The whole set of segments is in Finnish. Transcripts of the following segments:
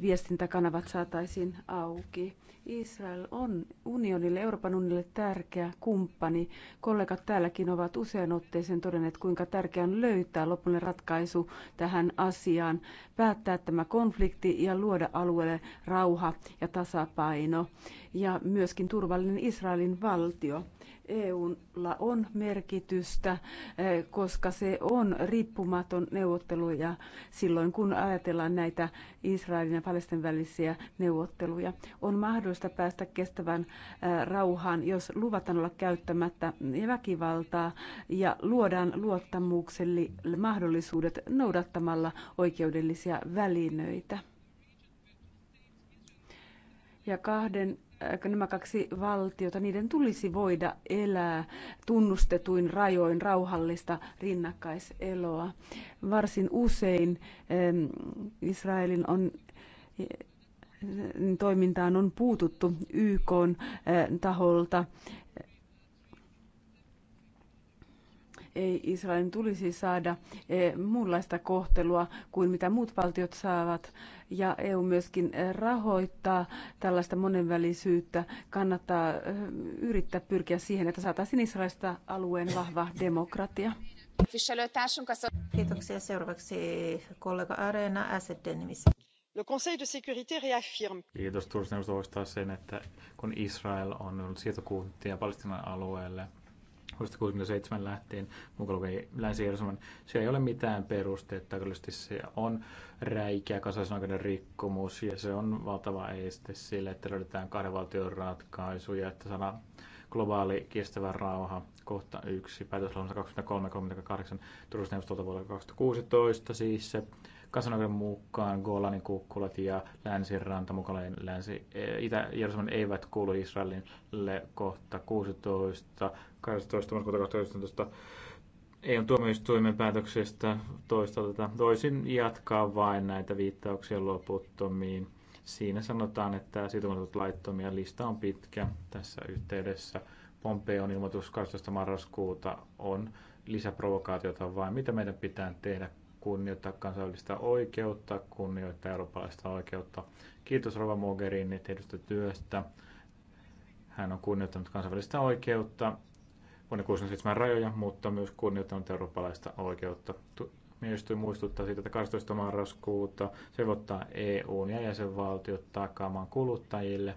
viestintäkanavat saataisiin auki. Israel on unionille, Euroopan unionille tärkeä kumppani. Kollegat täälläkin ovat usean otteeseen todenneet, kuinka tärkeää on löytää lopullinen ratkaisu tähän asiaan, päättää tämä konflikti ja luoda alueelle rauha ja tasapaino ja myöskin turvallinen Israelin valtio. EUlla on merkitystä, eh, koska se on riippumaton neuvotteluja silloin, kun ajatellaan näitä Israelin ja Palestin välisiä neuvotteluja. On mahdollista päästä kestävän eh, rauhaan, jos luvataan olla käyttämättä väkivaltaa ja luodaan luottamukselle mahdollisuudet noudattamalla oikeudellisia välineitä. Ja kahden Äh, nämä kaksi valtiota, niiden tulisi voida elää tunnustetuin rajoin rauhallista rinnakkaiseloa. Varsin usein ähm, Israelin on äh, toimintaan on puututtu YK äh, taholta ei Israelin tulisi saada eh, muunlaista kohtelua kuin mitä muut valtiot saavat. Ja EU myöskin rahoittaa tällaista monenvälisyyttä. Kannattaa eh, yrittää pyrkiä siihen, että saataisiin Israelista alueen vahva demokratia. Kiitoksia. Seuraavaksi kollega Areena SDN nimissä. Le Conseil de sécurité réaffirme. Kiitos. Turvallisuusneuvosto sen, että kun Israel on ollut sietokuntia Palestinan alueelle, vuodesta 67 lähtien, mukaan lukee länsi Siellä ei ole mitään perustetta, kyllä se on räikeä kansallisen rikkomus ja se on valtava este sille, että löydetään kahden valtion ratkaisuja, että saadaan globaali kestävä rauha kohta 1, päätöslauselma 2338 neuvostolta vuodelta 2016 siis se. Kansanoikeuden mukaan Golanin kukkulat ja länsiranta mukaan länsi, e, Itä-Jerusalem eivät kuulu Israelille kohta 16, 18. marraskuuta 2019 EUn tuomioistuimen päätöksestä toistalta toisin jatkaa vain näitä viittauksia loputtomiin. Siinä sanotaan, että sitomatut laittomia lista on pitkä tässä yhteydessä. Pompeon ilmoitus 12. marraskuuta on lisäprovokaatiota, vaan mitä meidän pitää tehdä kunnioittaa kansainvälistä oikeutta, kunnioittaa eurooppalaista oikeutta. Kiitos Rova Mogherini tehdystä työstä. Hän on kunnioittanut kansainvälistä oikeutta, vuonna 67 rajoja, mutta myös kunnioittanut eurooppalaista oikeutta. Mielestäni muistuttaa siitä, että 12. marraskuuta se voittaa EUn ja jäsenvaltiot takaamaan kuluttajille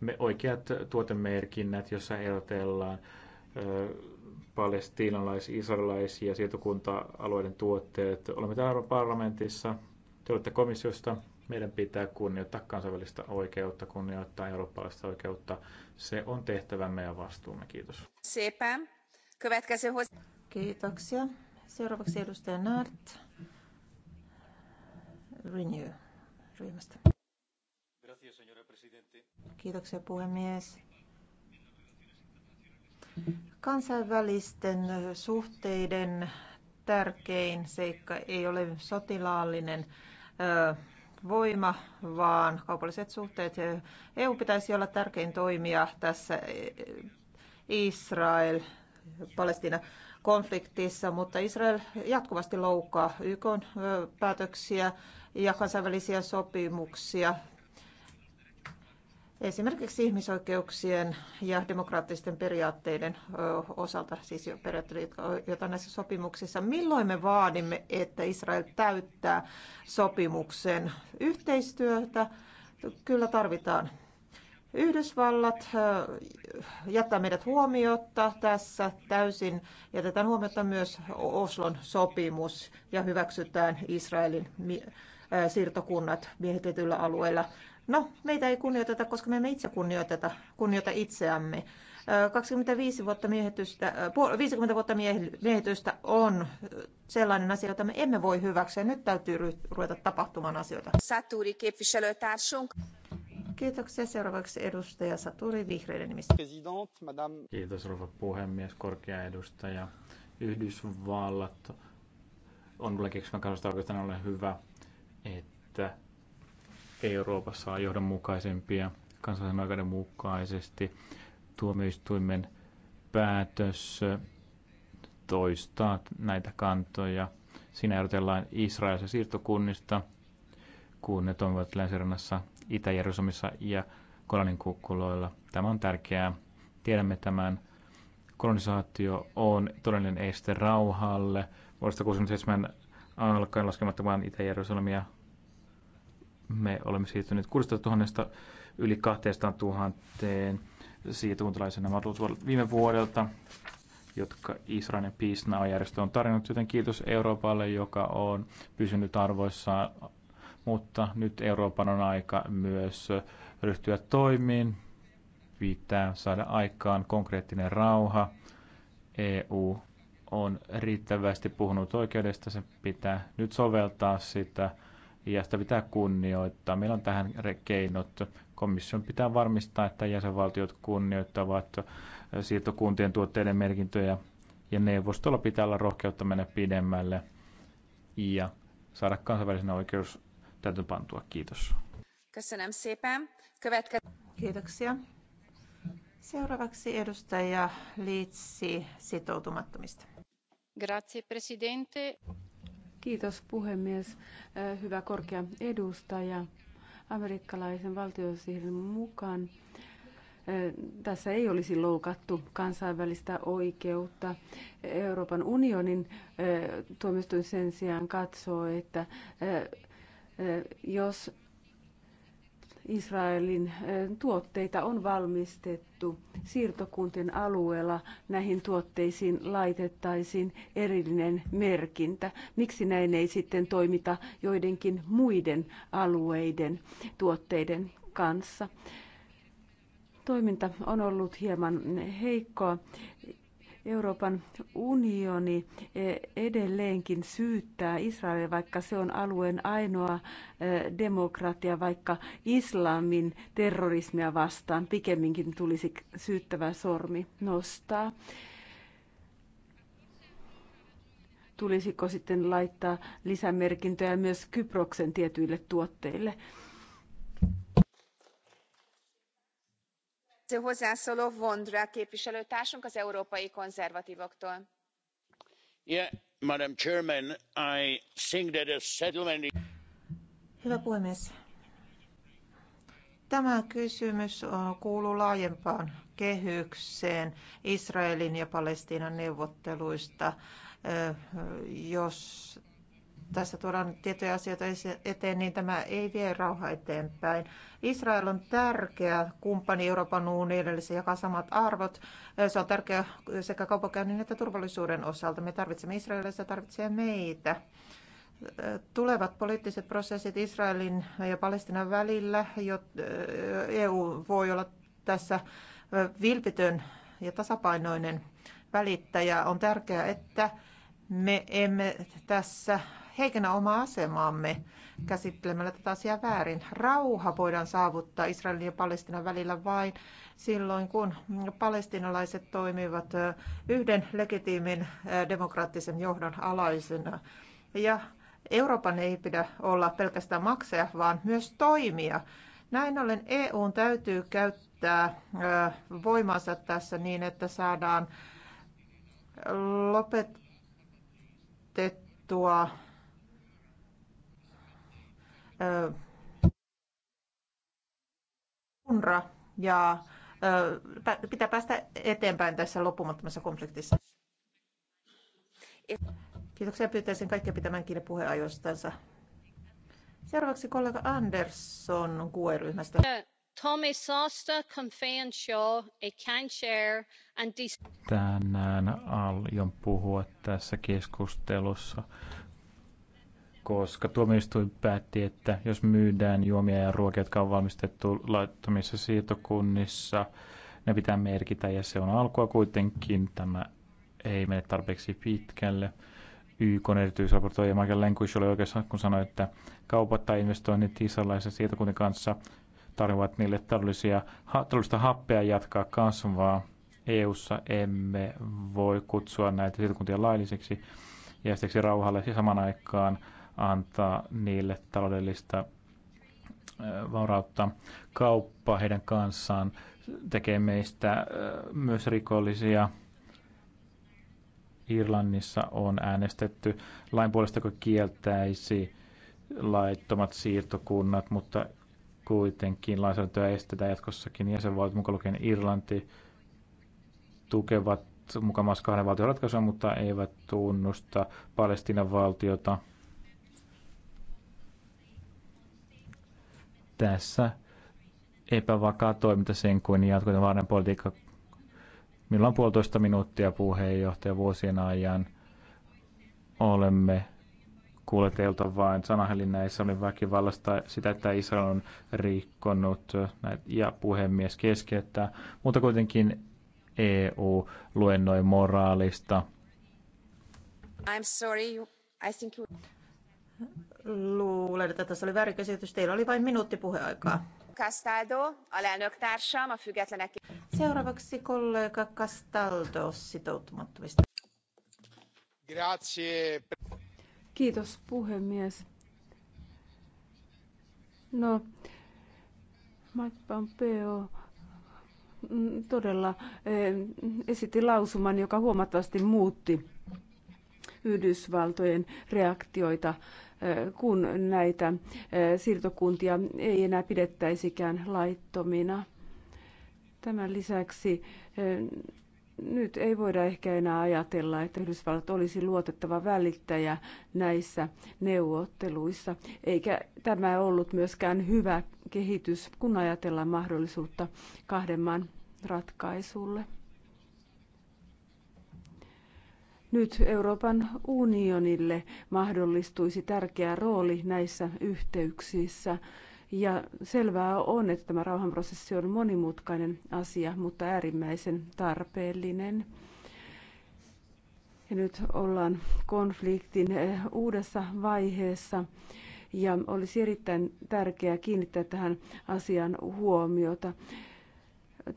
me oikeat tuotemerkinnät, jossa erotellaan palestiinalaisia, israelaisia, sietokunta-alueiden tuotteet. Olemme täällä parlamentissa, te olette komissiosta. Meidän pitää kunnioittaa kansainvälistä oikeutta, kunnioittaa eurooppalaista oikeutta. Se on tehtävämme ja vastuumme. Kiitos. Kiitoksia. Seuraavaksi edustaja Nart Renew-ryhmästä. Gracias, señora presidente. Kiitoksia puhemies. Kansainvälisten suhteiden tärkein seikka ei ole sotilaallinen voima, vaan kaupalliset suhteet. EU pitäisi olla tärkein toimija tässä e, Israel, Palestina konfliktissa, mutta Israel jatkuvasti loukkaa YK päätöksiä ja kansainvälisiä sopimuksia. Esimerkiksi ihmisoikeuksien ja demokraattisten periaatteiden osalta, siis jo periaatteita, joita näissä sopimuksissa, milloin me vaadimme, että Israel täyttää sopimuksen yhteistyötä, kyllä tarvitaan. Yhdysvallat jättää meidät huomiotta tässä täysin. Jätetään huomiota myös Oslon sopimus ja hyväksytään Israelin siirtokunnat miehitetyillä alueilla. No, meitä ei kunnioiteta, koska me emme itse kunnioiteta, kunnioita itseämme. 25 vuotta miehitystä, 50 vuotta miehitystä on sellainen asia, jota me emme voi hyväksyä. Nyt täytyy ruveta tapahtumaan asioita. Saturi, képviselőtársunk. Kiitoksia. Seuraavaksi edustaja Saturi Vihreiden nimissä. Kiitos rouva puhemies, korkea edustaja. Yhdysvallat on kyllä keksimäkaudesta oikeastaan ole hyvä, että Euroopassa on johdonmukaisempia kansallisen oikeuden mukaisesti. Tuomioistuimen päätös toistaa näitä kantoja. Siinä erotellaan Israelissa siirtokunnista, kun ne toimivat länsirannassa Itä-Jerusalemissa ja Kolanin kukkuloilla. Tämä on tärkeää. Tiedämme tämän. Kolonisaatio on todellinen este rauhalle. Vuodesta 1967 alkaen laskemattomaan Itä-Jerusalemia me olemme siirtyneet 16 000 yli 200 000 siirtuntalaisena viime vuodelta, jotka Israelin Now-järjestö on tarjonnut, joten kiitos Euroopalle, joka on pysynyt arvoissaan, mutta nyt Euroopan on aika myös ryhtyä toimiin, pitää saada aikaan konkreettinen rauha. EU on riittävästi puhunut oikeudesta, se pitää nyt soveltaa sitä ja sitä pitää kunnioittaa. Meillä on tähän keinot. Komission pitää varmistaa, että jäsenvaltiot kunnioittavat siirtokuntien tuotteiden merkintöjä ja neuvostolla pitää olla rohkeutta mennä pidemmälle ja saada kansainvälisen oikeus täytäntöpantua. Kiitos. Kiitoksia. Seuraavaksi edustaja Liitsi sitoutumattomista. Grazie, presidente. Kiitos puhemies. Hyvä korkea edustaja amerikkalaisen valtiosihden mukaan. Tässä ei olisi loukattu kansainvälistä oikeutta. Euroopan unionin tuomioistuin sen sijaan katsoo, että jos Israelin tuotteita on valmistettu siirtokuntien alueella. Näihin tuotteisiin laitettaisiin erillinen merkintä. Miksi näin ei sitten toimita joidenkin muiden alueiden tuotteiden kanssa? Toiminta on ollut hieman heikkoa Euroopan unioni e, edelleenkin syyttää Israelia, vaikka se on alueen ainoa e, demokratia, vaikka islamin terrorismia vastaan pikemminkin tulisi syyttävä sormi nostaa tulisiko sitten laittaa lisämerkintöjä myös Kyproksen tietyille tuotteille. hyvä puhemies tämä kysymys kuuluu laajempaan kehykseen israelin ja palestiinan neuvotteluista eh, jos tässä tuodaan tiettyjä asioita eteen, niin tämä ei vie rauhaa eteenpäin. Israel on tärkeä kumppani Euroopan unionille, se jakaa samat arvot. Se on tärkeä sekä kaupankäynnin että turvallisuuden osalta. Me tarvitsemme Israelia, se tarvitsee meitä. Tulevat poliittiset prosessit Israelin ja Palestinan välillä, jo EU voi olla tässä vilpitön ja tasapainoinen välittäjä. On tärkeää, että me emme tässä heikennä omaa asemaamme käsittelemällä tätä asiaa väärin. Rauha voidaan saavuttaa Israelin ja Palestinan välillä vain silloin, kun palestinalaiset toimivat yhden legitiimin eh, demokraattisen johdon alaisena. Ja Euroopan ei pidä olla pelkästään maksaja, vaan myös toimia. Näin ollen EUn täytyy käyttää eh, voimansa tässä niin, että saadaan lopetettua UNRA ja pitää päästä eteenpäin tässä loppumattomassa konfliktissa. Kiitoksia. Pyytäisin kaikkia pitämään kiinni puheenajoistansa. Seuraavaksi kollega Andersson QE-ryhmästä. Tänään aion puhua tässä keskustelussa koska tuomioistuin päätti, että jos myydään juomia ja ruokia, jotka on valmistettu laittomissa siirtokunnissa, ne pitää merkitä ja se on alkua kuitenkin. Tämä ei mene tarpeeksi pitkälle. YK erityisraportoija Michael Lenkuish oli oikeassa, kun sanoi, että kaupat tai investoinnit israelaisen siirtokunnin kanssa tarjoavat niille taloudellisia, taloudellista happea jatkaa kasvaa. EUssa emme voi kutsua näitä siirtokuntia laillisiksi ja rauhalle ja saman aikaan antaa niille taloudellista vaurautta. Kauppa heidän kanssaan tekee meistä myös rikollisia. Irlannissa on äänestetty lain puolesta, joka kieltäisi laittomat siirtokunnat, mutta kuitenkin lainsäädäntöä estetään jatkossakin. Jäsenvaltiot, mukaan lukien Irlanti, tukevat mukamas kahden valtion ratkaisua, mutta eivät tunnusta Palestinan valtiota – tässä epävakaa toiminta sen kuin jatkuvan vaarallinen politiikka. milloin puolitoista minuuttia puheenjohtaja vuosien ajan. Olemme kuuleteilta vain vain sanahelinnä Israelin väkivallasta sitä, että Israel on rikkonut ja puhemies keskeyttää. Mutta kuitenkin EU luennoi moraalista. I'm sorry, I think you... Luulen, että tässä oli väärinkäsitys. Teillä oli vain minuutti puheaikaa. Castaldo, alelnök társam, a függetlenek... Seuraavaksi kollega Castaldo sitoutumattomista. Grazie. Kiitos puhemies. No, Mike Pompeo mm, todella eh, esitti lausuman, joka huomattavasti muutti Yhdysvaltojen reaktioita kun näitä siirtokuntia ei enää pidettäisikään laittomina. Tämän lisäksi nyt ei voida ehkä enää ajatella, että Yhdysvallat olisi luotettava välittäjä näissä neuvotteluissa, eikä tämä ollut myöskään hyvä kehitys, kun ajatellaan mahdollisuutta kahden maan ratkaisulle. Nyt Euroopan unionille mahdollistuisi tärkeä rooli näissä yhteyksissä. Ja selvää on, että tämä rauhanprosessi on monimutkainen asia, mutta äärimmäisen tarpeellinen. Ja nyt ollaan konfliktin eh, uudessa vaiheessa ja olisi erittäin tärkeää kiinnittää tähän asiaan huomiota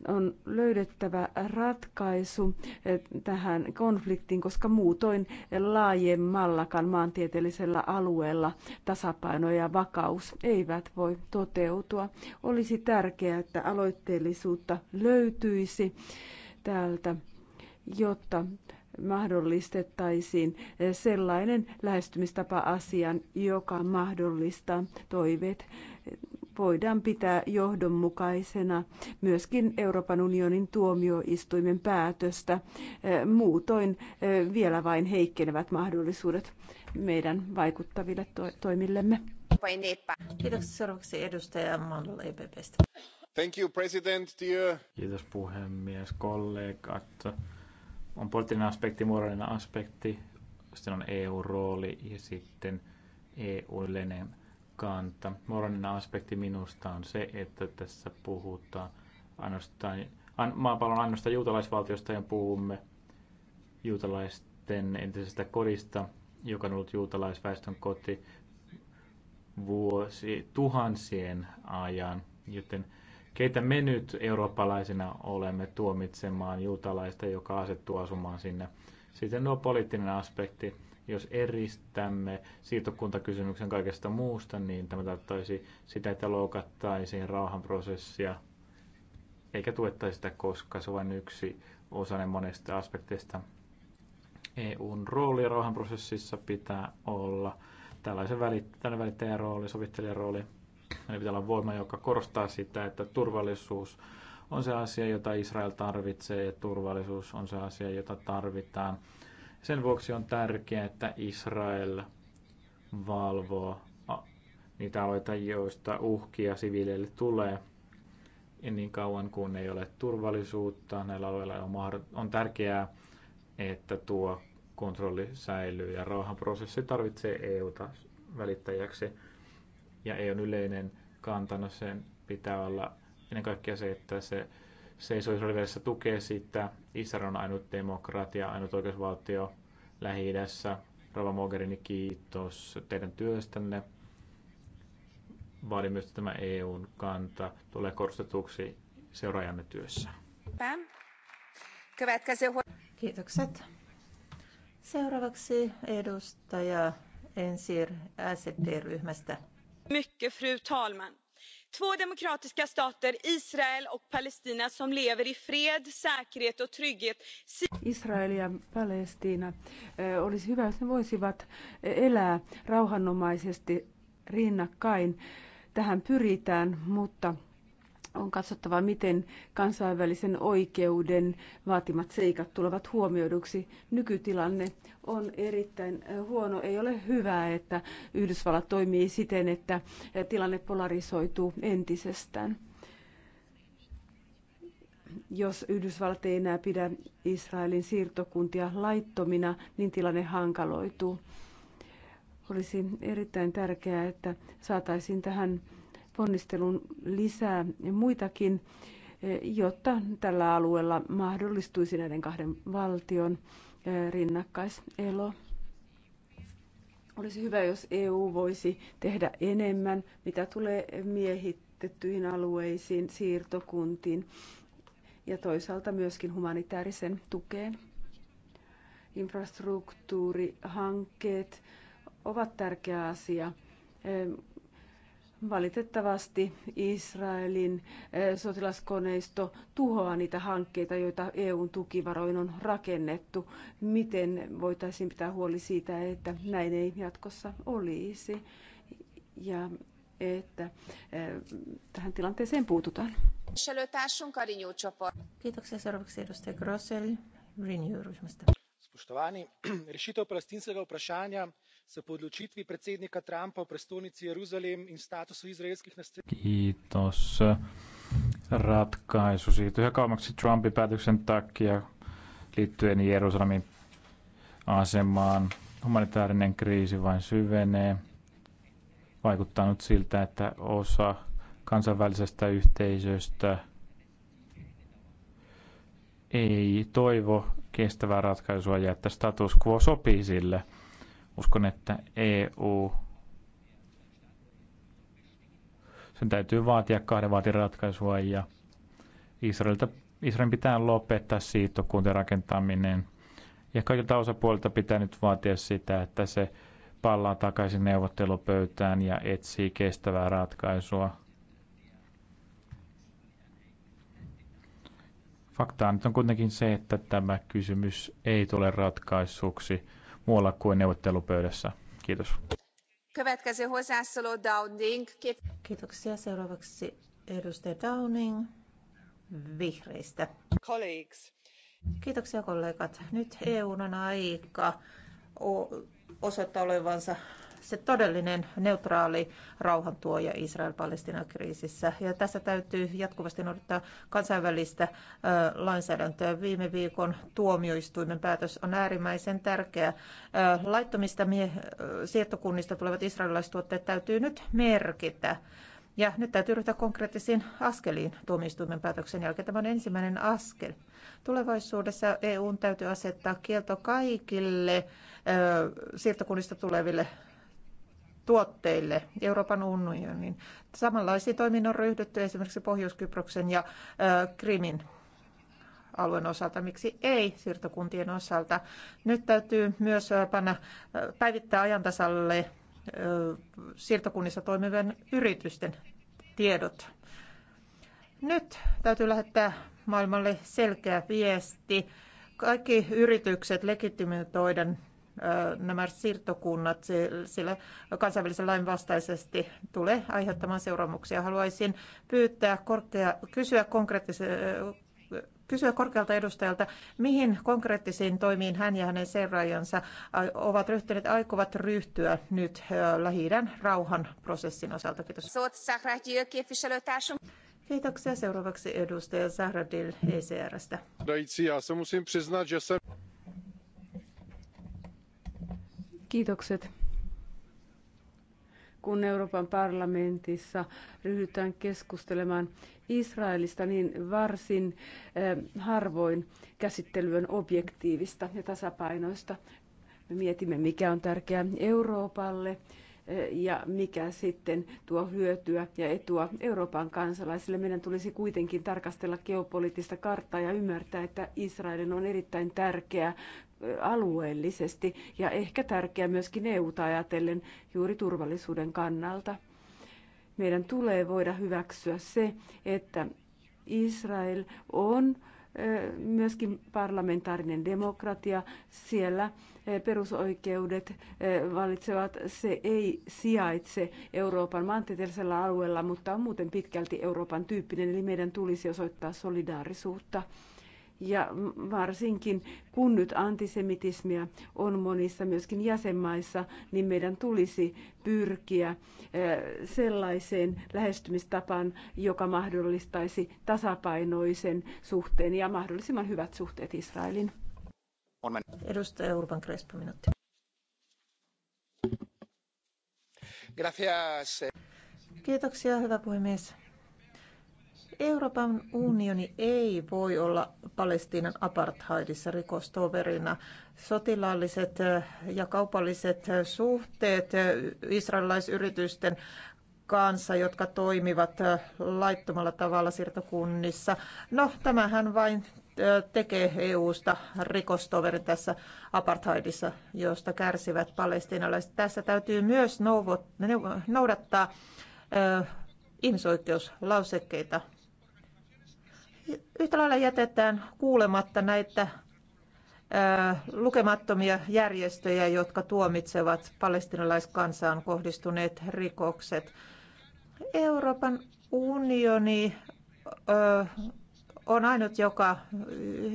on löydettävä ratkaisu eh, tähän konfliktiin, koska muutoin laajemmallakaan maantieteellisellä alueella tasapaino ja vakaus eivät voi toteutua. Olisi tärkeää, että aloitteellisuutta löytyisi täältä, jotta mahdollistettaisiin eh, sellainen lähestymistapa asian, joka mahdollistaa toiveet voidaan pitää johdonmukaisena myöskin Euroopan unionin tuomioistuimen päätöstä. Muutoin vielä vain heikkenevät mahdollisuudet meidän vaikuttaville to- toimillemme. Kiitoksia seuraavaksi edustaja Mandel EPPstä. Thank you, president, dear. Kiitos puhemies, kollegat. On poliittinen aspekti, moraalinen aspekti, sitten on EU-rooli ja sitten EU-yleinen kanta. Moraalinen aspekti minusta on se, että tässä puhutaan ainoastaan, an, maapallon ainoastaan juutalaisvaltiosta ja puhumme juutalaisten entisestä kodista, joka on ollut juutalaisväestön koti vuosi tuhansien ajan, joten keitä me nyt eurooppalaisina olemme tuomitsemaan juutalaista, joka asettuu asumaan sinne. Sitten on poliittinen aspekti jos eristämme siirtokuntakysymyksen kaikesta muusta, niin tämä tarkoittaisi sitä, että loukattaisiin rauhanprosessia, eikä tuettaisi sitä, koska se on vain yksi osainen monesta aspekteista. EUn rooli rauhanprosessissa pitää olla tällaisen välittäjän, välittäjän rooli, sovittelijan rooli. Eli pitää olla voima, joka korostaa sitä, että turvallisuus on se asia, jota Israel tarvitsee ja turvallisuus on se asia, jota tarvitaan sen vuoksi on tärkeää, että Israel valvoo niitä aloita, joista uhkia siviileille tulee. Ja niin kauan kuin ei ole turvallisuutta näillä alueilla, on, on tärkeää, että tuo kontrolli säilyy ja rauhanprosessi tarvitsee EUta välittäjäksi. Ja EUn yleinen kantana sen pitää olla ennen kaikkea se, että se seisoo Israelissa tukee sitä. Israel on ainut demokratia, ainut oikeusvaltio Lähi-idässä. Rova Mogherini, kiitos teidän työstänne. Vaadi myös tämä EUn kanta tulee korostetuksi seuraajanne työssä. Kiitokset. Seuraavaksi edustaja Ensir SFD-ryhmästä. Mycket, fru talman två demokratiska stater israel och palestina som lever i fred säkerhet och trygghet. israel ja palestiina eh, olisi hyvä jos ne voisivat eh, elää rauhanomaisesti rinnakkain. tähän pyritään mutta on katsottava, miten kansainvälisen oikeuden vaatimat seikat tulevat huomioiduksi. Nykytilanne on erittäin huono. Ei ole hyvää, että Yhdysvallat toimii siten, että tilanne polarisoituu entisestään. Jos Yhdysvallat ei enää pidä Israelin siirtokuntia laittomina, niin tilanne hankaloituu. Olisi erittäin tärkeää, että saataisiin tähän ponnistelun lisää muitakin, eh, jotta tällä alueella mahdollistuisi näiden kahden valtion eh, rinnakkaiselo. Olisi hyvä, jos EU voisi tehdä enemmän, mitä tulee miehitettyihin alueisiin, siirtokuntiin ja toisaalta myöskin humanitaarisen tukeen. Infrastruktuurihankkeet ovat tärkeä asia eh, Valitettavasti Israelin eh, sotilaskoneisto tuhoaa niitä hankkeita, joita EUn tukivaroin on rakennettu. Miten voitaisiin pitää huoli siitä, että näin ei jatkossa olisi ja että eh, tähän tilanteeseen puututaan? Kiitoksia seuraavaksi edustaja Grossel Renew-ryhmästä. Spustavani, rešitev palestinskega vprašanja se po odločitvi predsednika Trumpa v prestolnici Jeruzalem in statusu izraelskih nastrelkih. Kiitos. Ratkaisu siirtyi kauemmaksi Trumpin päätöksen takia liittyen Jerusalemin asemaan. Humanitaarinen kriisi vain syvenee. Vaikuttaa nyt siltä, että osa kansainvälisestä yhteisöstä ei toivo kestävää ratkaisua ja että status quo sopii sille – Uskon, että EU sen täytyy vaatia kahden vaatin ratkaisua ja Israelilta, Israelin pitää lopettaa siirtokuntien rakentaminen. Ja kaikilta osapuolilta pitää nyt vaatia sitä, että se pallaa takaisin neuvottelupöytään ja etsii kestävää ratkaisua. Fakta on kuitenkin se, että tämä kysymys ei tule ratkaisuksi muualla kuin neuvottelupöydässä. Kiitos. Kiitoksia. Seuraavaksi edustaja Downing vihreistä. Colleagues. Kiitoksia kollegat. Nyt EU on aika osoittaa olevansa se todellinen neutraali rauhantuoja Israel-Palestina-kriisissä. Ja tässä täytyy jatkuvasti noudattaa kansainvälistä lainsäädäntöä. Viime viikon tuomioistuimen päätös on äärimmäisen tärkeä. Laittomista siirtokunnista tulevat israelilaistuotteet täytyy nyt merkitä. Ja nyt täytyy ryhtyä konkreettisiin askeliin tuomioistuimen päätöksen jälkeen. Tämä on ensimmäinen askel. Tulevaisuudessa EUn täytyy asettaa kielto kaikille ö, siirtokunnista tuleville tuotteille Euroopan unionin. Samanlaisiin toimiin on ryhdytty esimerkiksi Pohjois-Kyproksen ja Krimin alueen osalta, miksi ei siirtokuntien osalta. Nyt täytyy myös panna, päivittää ajantasalle siirtokunnissa toimivien yritysten tiedot. Nyt täytyy lähettää maailmalle selkeä viesti. Kaikki yritykset legitimoitoiden nämä siirtokunnat sillä kansainvälisen lain vastaisesti tulee aiheuttamaan seuraamuksia. Haluaisin pyytää korkea, kysyä konkreettisesti kysyä korkealta edustajalta, mihin konkreettisiin toimiin hän ja hänen seuraajansa ovat ryhtyneet, aikovat ryhtyä nyt lähi rauhan prosessin osalta. Kiitos. Kiitoksia. Seuraavaksi edustaja Zahradil ECRstä. Kiitokset. Kun Euroopan parlamentissa ryhdytään keskustelemaan Israelista, niin varsin eh, harvoin käsittely on objektiivista ja tasapainoista. Me mietimme, mikä on tärkeää Euroopalle eh, ja mikä sitten tuo hyötyä ja etua Euroopan kansalaisille. Meidän tulisi kuitenkin tarkastella geopoliittista karttaa ja ymmärtää, että Israelin on erittäin tärkeä alueellisesti ja ehkä tärkeä myöskin EUta ajatellen juuri turvallisuuden kannalta. Meidän tulee voida hyväksyä se, että Israel on myöskin parlamentaarinen demokratia. Siellä perusoikeudet valitsevat. Se ei sijaitse Euroopan maantieteellisellä alueella, mutta on muuten pitkälti Euroopan tyyppinen, eli meidän tulisi osoittaa solidaarisuutta ja varsinkin kun nyt antisemitismia on monissa myöskin jäsenmaissa, niin meidän tulisi pyrkiä eh, sellaiseen lähestymistapaan, joka mahdollistaisi tasapainoisen suhteen ja mahdollisimman hyvät suhteet Israelin. Edustaja Urban Crespo, minuutti. Kiitoksia, hyvä puhemies. Euroopan unioni ei voi olla Palestiinan apartheidissa rikostoverina. Sotilaalliset ja kaupalliset suhteet israelaisyritysten kanssa, jotka toimivat laittomalla tavalla siirtokunnissa. No, tämähän vain tekee EU: sta rikostoverin tässä apartheidissa, josta kärsivät palestiinalaiset. Tässä täytyy myös noudattaa ihmisoikeuslausekkeita yhtä lailla jätetään kuulematta näitä lukemattomia järjestöjä, jotka tuomitsevat palestinalaiskansaan kohdistuneet rikokset. Euroopan unioni on ainut, joka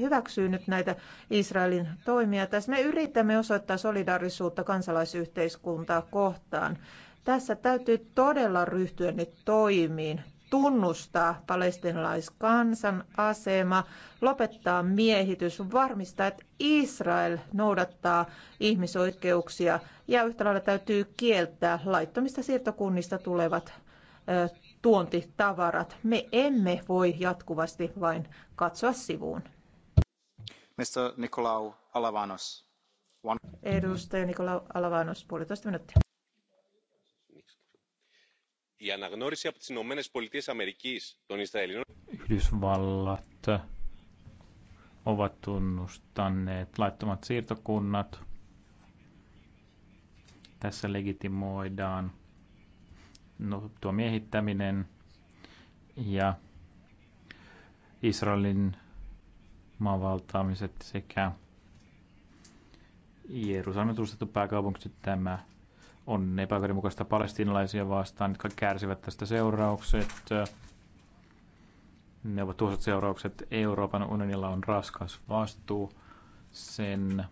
hyväksyy nyt näitä Israelin toimia. Tässä me yritämme osoittaa solidaarisuutta kansalaisyhteiskuntaa kohtaan. Tässä täytyy todella ryhtyä nyt toimiin tunnustaa palestinalaiskansan asema, lopettaa miehitys, varmistaa, että Israel noudattaa ihmisoikeuksia ja yhtä lailla täytyy kieltää laittomista siirtokunnista tulevat ö, tuontitavarat. Me emme voi jatkuvasti vain katsoa sivuun. Mr. Nicolau Alavanos. One... Edustaja Nikolau Alavanos, puolitoista minuuttia Yhdysvallat ovat tunnustaneet laittomat siirtokunnat. Tässä legitimoidaan no, tuo miehittäminen ja Israelin maavaltaamiset sekä Jerusalemin tunnustettu pääkaupunki tämä on epäoikeudenmukaista palestinalaisia vastaan, jotka kärsivät tästä seuraukset. Ne ovat tuossa seuraukset. Euroopan unionilla on raskas vastuu sen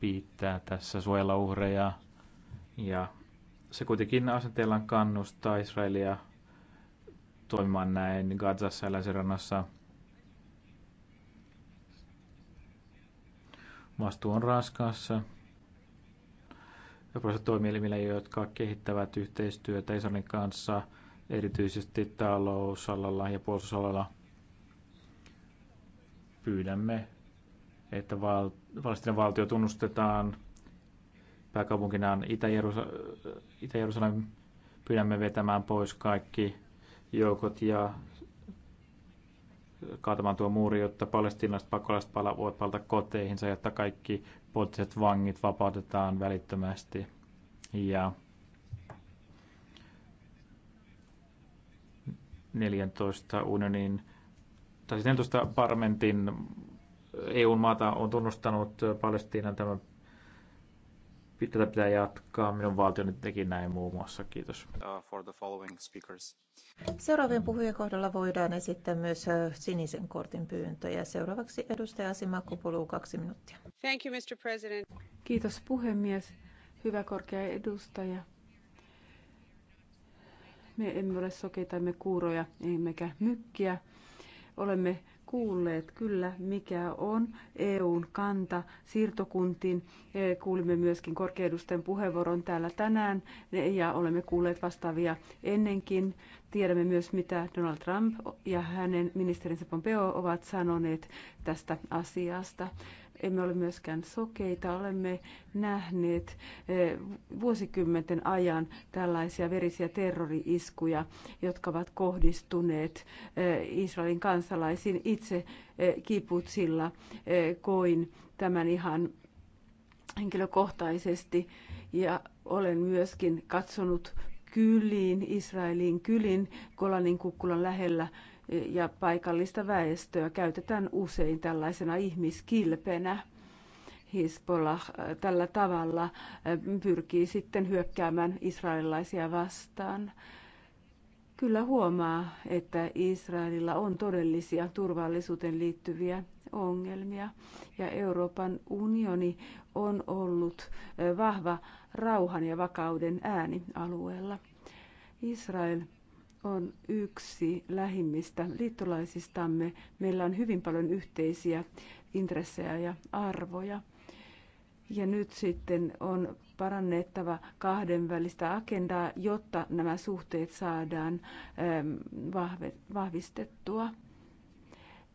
pitää tässä suojella uhreja. Ja se kuitenkin asenteellaan kannustaa Israelia toimimaan näin Gazassa ja länsirannassa – Vastuu on Ranskassa. Jopa toimielimillä, jotka kehittävät yhteistyötä Israelin kanssa, erityisesti talousalalla ja puolustusalalla. Pyydämme, että val- valistinen valtio tunnustetaan pääkaupunkinaan Itä-Jerusalem. Itä-Jerusalem pyydämme vetämään pois kaikki joukot ja kaatamaan tuo muuri, jotta palestinaiset pakolaiset pala- voivat palata koteihinsa, jotta kaikki poliittiset vangit vapautetaan välittömästi. Ja 14 unionin, tai siis 14 parlamentin eu maata on tunnustanut Palestiinan tämän tätä pitää jatkaa. Minun valtioni teki näin muun muassa. Kiitos. Uh, for the following speakers. Seuraavien puhujien kohdalla voidaan esittää myös uh, sinisen kortin pyyntöjä. Seuraavaksi edustaja Asima Kupulu, kaksi minuuttia. Thank you, Mr. President. Kiitos puhemies. Hyvä korkea edustaja. Me emme ole sokeita, emme kuuroja, emmekä mykkiä. Olemme kuulleet kyllä, mikä on EUn kanta siirtokuntiin. E, kuulimme myöskin korkeudusten puheenvuoron täällä tänään ja olemme kuulleet vastaavia ennenkin. Tiedämme myös, mitä Donald Trump ja hänen ministerinsä Pompeo ovat sanoneet tästä asiasta emme ole myöskään sokeita. Olemme nähneet eh, vuosikymmenten ajan tällaisia verisiä terrori-iskuja, jotka ovat kohdistuneet eh, Israelin kansalaisiin itse eh, kiputsilla koin tämän ihan henkilökohtaisesti ja olen myöskin katsonut kyliin, Israelin kylin Kolanin kukkulan lähellä ja paikallista väestöä käytetään usein tällaisena ihmiskilpenä. Hisbollah äh, tällä tavalla äh, pyrkii sitten hyökkäämään israelilaisia vastaan. Kyllä huomaa, että Israelilla on todellisia turvallisuuteen liittyviä ongelmia ja Euroopan unioni on ollut äh, vahva rauhan ja vakauden ääni alueella. Israel on yksi lähimmistä liittolaisistamme. Meillä on hyvin paljon yhteisiä intressejä ja arvoja. Ja nyt sitten on parannettava kahdenvälistä agendaa, jotta nämä suhteet saadaan ähm, vahvistettua.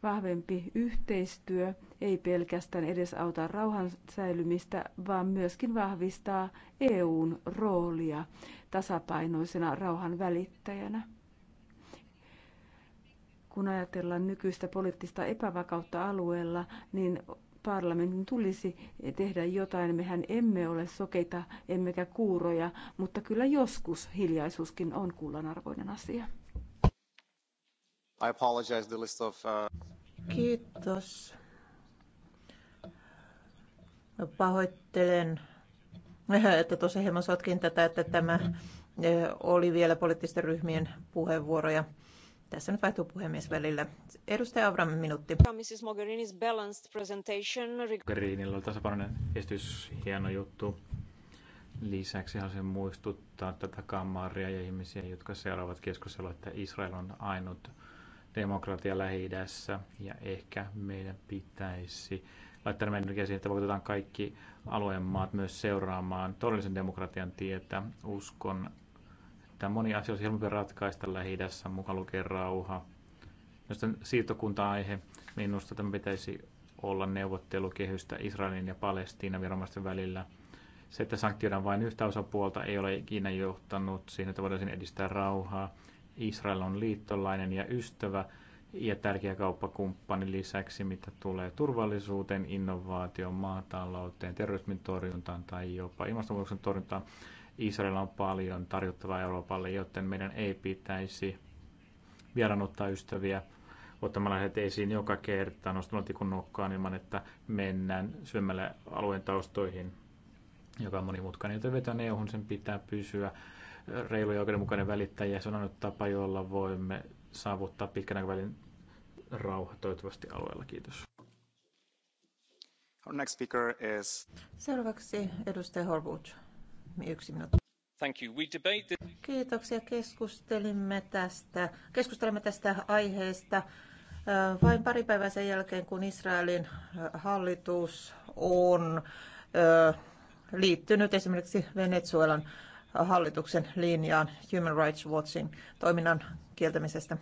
Vahvempi yhteistyö ei pelkästään edesauta rauhan säilymistä, vaan myöskin vahvistaa EUn roolia tasapainoisena rauhan välittäjänä kun ajatellaan nykyistä poliittista epävakautta alueella, niin parlamentin tulisi tehdä jotain. Mehän emme ole sokeita emmekä kuuroja, mutta kyllä joskus hiljaisuuskin on kullanarvoinen asia. I apologize, the list of, uh... Kiitos. No, pahoittelen, että tosi hieman sotkin tätä, että tämä eh, oli vielä poliittisten ryhmien puheenvuoroja. Tässä nyt vaihtuu puhemies välillä. Edustaja Avram, minuutti. Mrs. Mogherini's balanced presentation. Mogherinilla oli tasapainoinen esitys, hieno juttu. Lisäksi haluaisin muistuttaa tätä kammaria ja ihmisiä, jotka seuraavat keskustelua, että Israel on ainut demokratia lähi ja ehkä meidän pitäisi laittaa energia siihen, että voitetaan kaikki alueen maat myös seuraamaan todellisen demokratian tietä. Uskon, Tämä moni asia olisi helpompi ratkaista lähi mukaan lukien rauha. Jos siirtokunta-aihe, minusta tämä pitäisi olla neuvottelukehystä Israelin ja Palestiinan viranomaisten välillä. Se, että sanktioidaan vain yhtä osapuolta, ei ole ikinä johtanut siihen, että voidaan edistää rauhaa. Israel on liittolainen ja ystävä ja tärkeä kauppakumppani lisäksi, mitä tulee turvallisuuteen, innovaatioon, maatalouteen, terrorismin torjuntaan tai jopa ilmastonmuutoksen torjuntaan. Israelilla on paljon tarjottavaa Euroopalle, joten meidän ei pitäisi vieraanottaa ystäviä ottamalla heidät esiin joka kerta, nostamalla tikun nokkaan ilman, että mennään syömällä alueen taustoihin, joka on monimutkainen, joten vetön eu sen pitää pysyä reilu ja oikeudenmukainen välittäjä. Se on ainoa tapa, jolla voimme saavuttaa pitkän aikavälin rauha toivottavasti alueella. Kiitos. Our next speaker is... Seuraavaksi edustaja Horvuth. Yksi minuutti. Thank you. We debated... Kiitoksia. Keskustelimme tästä, keskustelemme tästä aiheesta vain pari päivää sen jälkeen, kun Israelin hallitus on liittynyt esimerkiksi Venezuelan hallituksen linjaan Human Rights Watchin toiminnan kieltämisestä.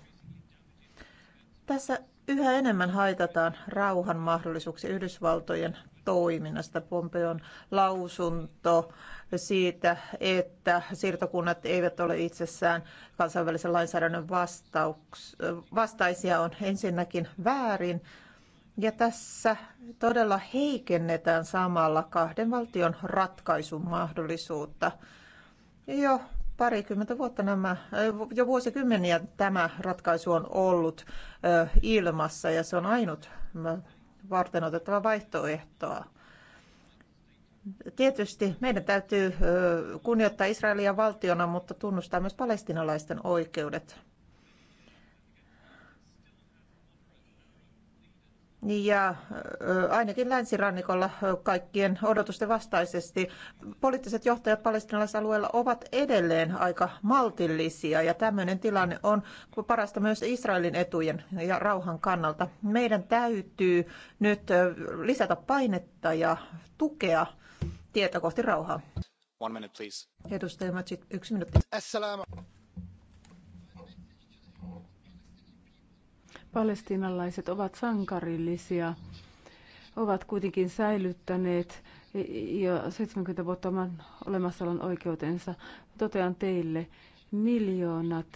Tässä yhä enemmän haitataan rauhan mahdollisuuksia Yhdysvaltojen toiminnasta. Pompeon lausunto siitä, että siirtokunnat eivät ole itsessään kansainvälisen lainsäädännön vastauks, vastaisia on ensinnäkin väärin. Ja tässä todella heikennetään samalla kahden valtion ratkaisun mahdollisuutta. Jo parikymmentä vuotta nämä, jo vuosikymmeniä tämä ratkaisu on ollut ilmassa ja se on ainut varten otettava vaihtoehtoa. Tietysti meidän täytyy kunnioittaa Israelia valtiona, mutta tunnustaa myös palestinalaisten oikeudet. ja ainakin länsirannikolla kaikkien odotusten vastaisesti poliittiset johtajat palestinalaisalueella ovat edelleen aika maltillisia ja tämmöinen tilanne on parasta myös Israelin etujen ja rauhan kannalta. Meidän täytyy nyt lisätä painetta ja tukea tietä kohti rauhaa. One minute, please. Edustaja Majid, yksi minuutti. Assalamu. palestiinalaiset ovat sankarillisia, ovat kuitenkin säilyttäneet jo 70 vuotta oman olemassaolon oikeutensa. Totean teille, miljoonat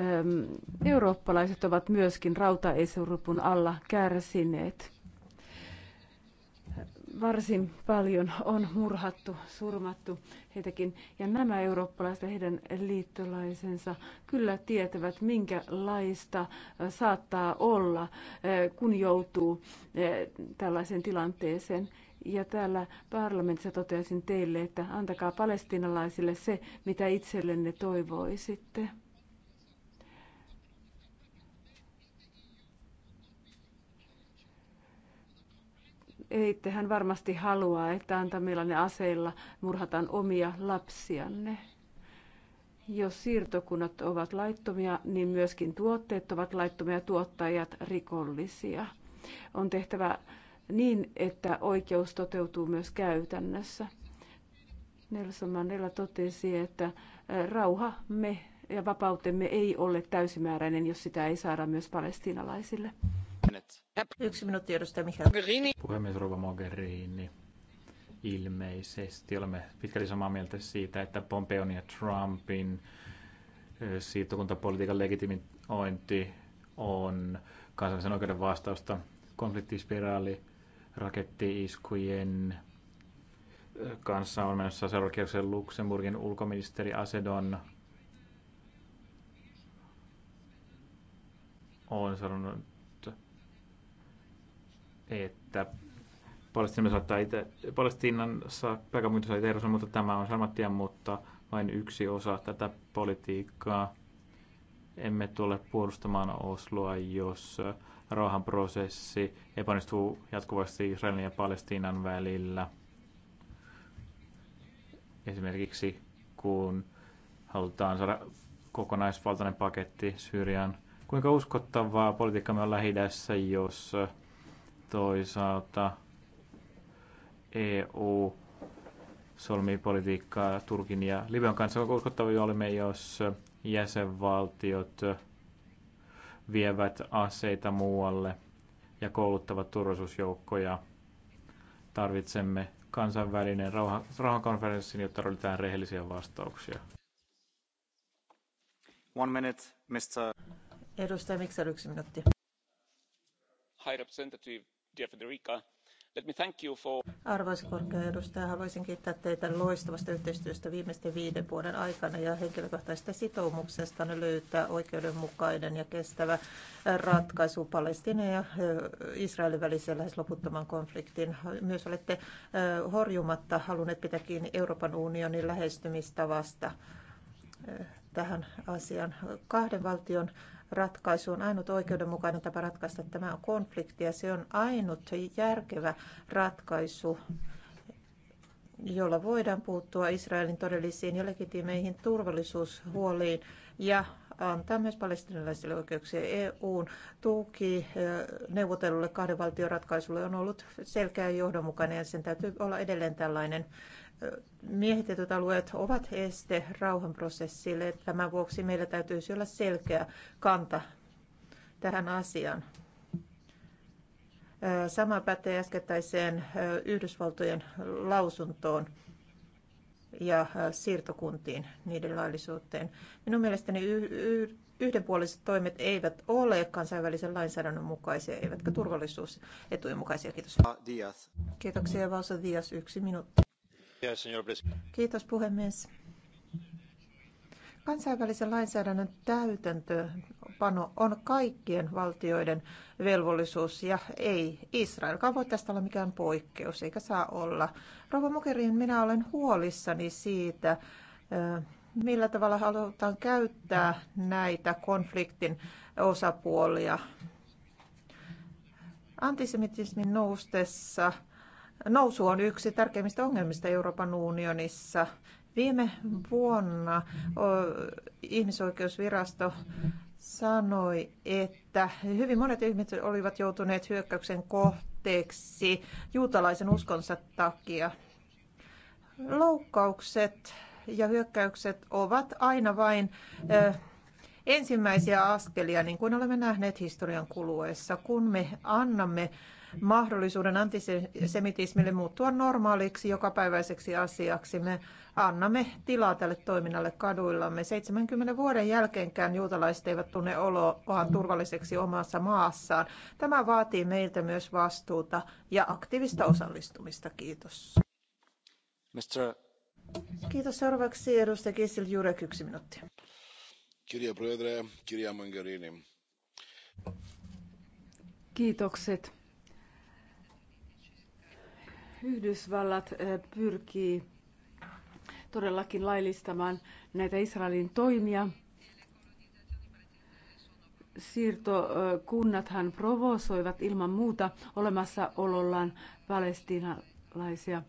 ähm, eurooppalaiset ovat myöskin rautaesurupun alla kärsineet varsin paljon on murhattu, surmattu heitäkin. Ja nämä eurooppalaiset ja heidän liittolaisensa kyllä tietävät, minkälaista saattaa olla, kun joutuu tällaiseen tilanteeseen. Ja täällä parlamentissa toteaisin teille, että antakaa palestinalaisille se, mitä itsellenne toivoisitte. Ei tehän varmasti halua, että antamillanne aseilla murhataan omia lapsianne. Jos siirtokunnat ovat laittomia, niin myöskin tuotteet ovat laittomia tuottajat rikollisia. On tehtävä niin, että oikeus toteutuu myös käytännössä. Nelson Mandela totesi, että rauha me ja vapautemme ei ole täysimääräinen, jos sitä ei saada myös palestiinalaisille. Minutes. Yksi minuutti edustaja Mihail. Puhemies Rova Mogherini. Ilmeisesti olemme pitkälti samaa mieltä siitä, että Pompeon ja Trumpin siirtokuntapolitiikan legitimointi on kansallisen oikeuden vastausta konfliktispiraali rakettiiskujen kanssa on menossa seuraavaksi Luxemburgin ulkoministeri Asedon on sanonut että Palestinan saattaa itä, Palestinan saa, pääkaupunki saa mutta tämä on saman tien, mutta vain yksi osa tätä politiikkaa. Emme tule puolustamaan Osloa, jos rauhanprosessi epäonnistuu jatkuvasti Israelin ja Palestiinan välillä. Esimerkiksi kun halutaan saada kokonaisvaltainen paketti Syyrian. Kuinka uskottavaa politiikkamme on lähidässä, jos toisaalta EU solmii politiikkaa Turkin ja Libyan kanssa. Uskottavia olemme, jos jäsenvaltiot vievät aseita muualle ja kouluttavat turvallisuusjoukkoja. Tarvitsemme kansainvälinen rauha, rauhankonferenssin, jotta löydetään rehellisiä vastauksia. One minute, Mr. Edustaja Mikser, yksi minuutti. High representative dear Federica, Let me thank you for... Arvoisa korkea edustaja, haluaisin kiittää teitä loistavasta yhteistyöstä viimeisten viiden vuoden aikana ja henkilökohtaisesta sitoumuksesta löytää oikeudenmukainen ja kestävä ratkaisu Palestinan ja Israelin välisen lähes loputtoman konfliktin. Myös olette horjumatta halunneet pitää kiinni Euroopan unionin lähestymistavasta tähän asiaan. Kahden valtion ratkaisu on ainut oikeudenmukainen tapa ratkaista tämä konflikti ja se on ainut järkevä ratkaisu jolla voidaan puuttua Israelin todellisiin ja legitiimeihin turvallisuushuoliin ja antaa myös palestinalaisille oikeuksia. EUn tuki eh, neuvotellulle kahden valtion ratkaisulle on ollut selkeä ja johdonmukainen ja sen täytyy olla edelleen tällainen miehitetyt alueet ovat este rauhanprosessille. Tämän vuoksi meillä täytyisi olla selkeä kanta tähän asiaan. Sama pätee äskettäiseen Yhdysvaltojen lausuntoon ja siirtokuntiin, niiden laillisuuteen. Minun mielestäni yhdenpuoliset toimet eivät ole kansainvälisen lainsäädännön mukaisia, eivätkä turvallisuusetujen mukaisia. Kiitos. Kiitoksia, Valsa Dias. Yksi minuutti. Kiitos puhemies. Kansainvälisen lainsäädännön täytäntöpano on kaikkien valtioiden velvollisuus ja ei Israel. voi tästä olla mikään poikkeus eikä saa olla. Rova Mukerin, minä olen huolissani siitä, millä tavalla halutaan käyttää näitä konfliktin osapuolia. Antisemitismin noustessa nousu on yksi tärkeimmistä ongelmista Euroopan unionissa. Viime vuonna ihmisoikeusvirasto sanoi, että hyvin monet ihmiset olivat joutuneet hyökkäyksen kohteeksi juutalaisen uskonsa takia. Loukkaukset ja hyökkäykset ovat aina vain ensimmäisiä askelia, niin kuin olemme nähneet historian kuluessa, kun me annamme mahdollisuuden antisemitismille muuttua normaaliksi jokapäiväiseksi asiaksi. Me annamme tilaa tälle toiminnalle kaduillamme. 70 vuoden jälkeenkään juutalaiset eivät tunne oloaan turvalliseksi omassa maassaan. Tämä vaatii meiltä myös vastuuta ja aktiivista osallistumista. Kiitos. Mr. Kiitos. Seuraavaksi edustaja Kissil Jurek, yksi minuutti. Kirja Prödre, kirja Mangarini. Kiitokset. Yhdysvallat pyrkii todellakin laillistamaan näitä Israelin toimia. Siirtokunnathan provosoivat ilman muuta olemassa olollaan palestiinalaisia.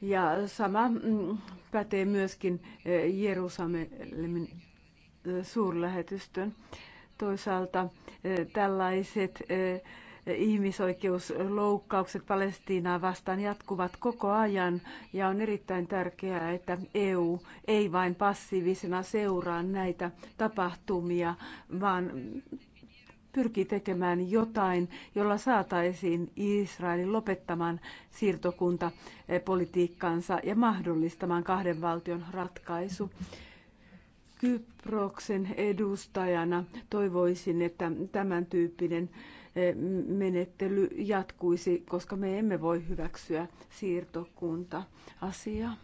Ja sama mm, pätee myöskin Jerusalemin suurlähetystön. Toisaalta tällaiset ihmisoikeusloukkaukset Palestiinaa vastaan jatkuvat koko ajan ja on erittäin tärkeää, että EU ei vain passiivisena seuraa näitä tapahtumia, vaan pyrkii tekemään jotain, jolla saataisiin Israelin lopettamaan siirtokuntapolitiikkansa ja mahdollistamaan kahden valtion ratkaisu. Kyproksen edustajana toivoisin, että tämän tyyppinen menettely jatkuisi, koska me emme voi hyväksyä siirtokunta-asiaa.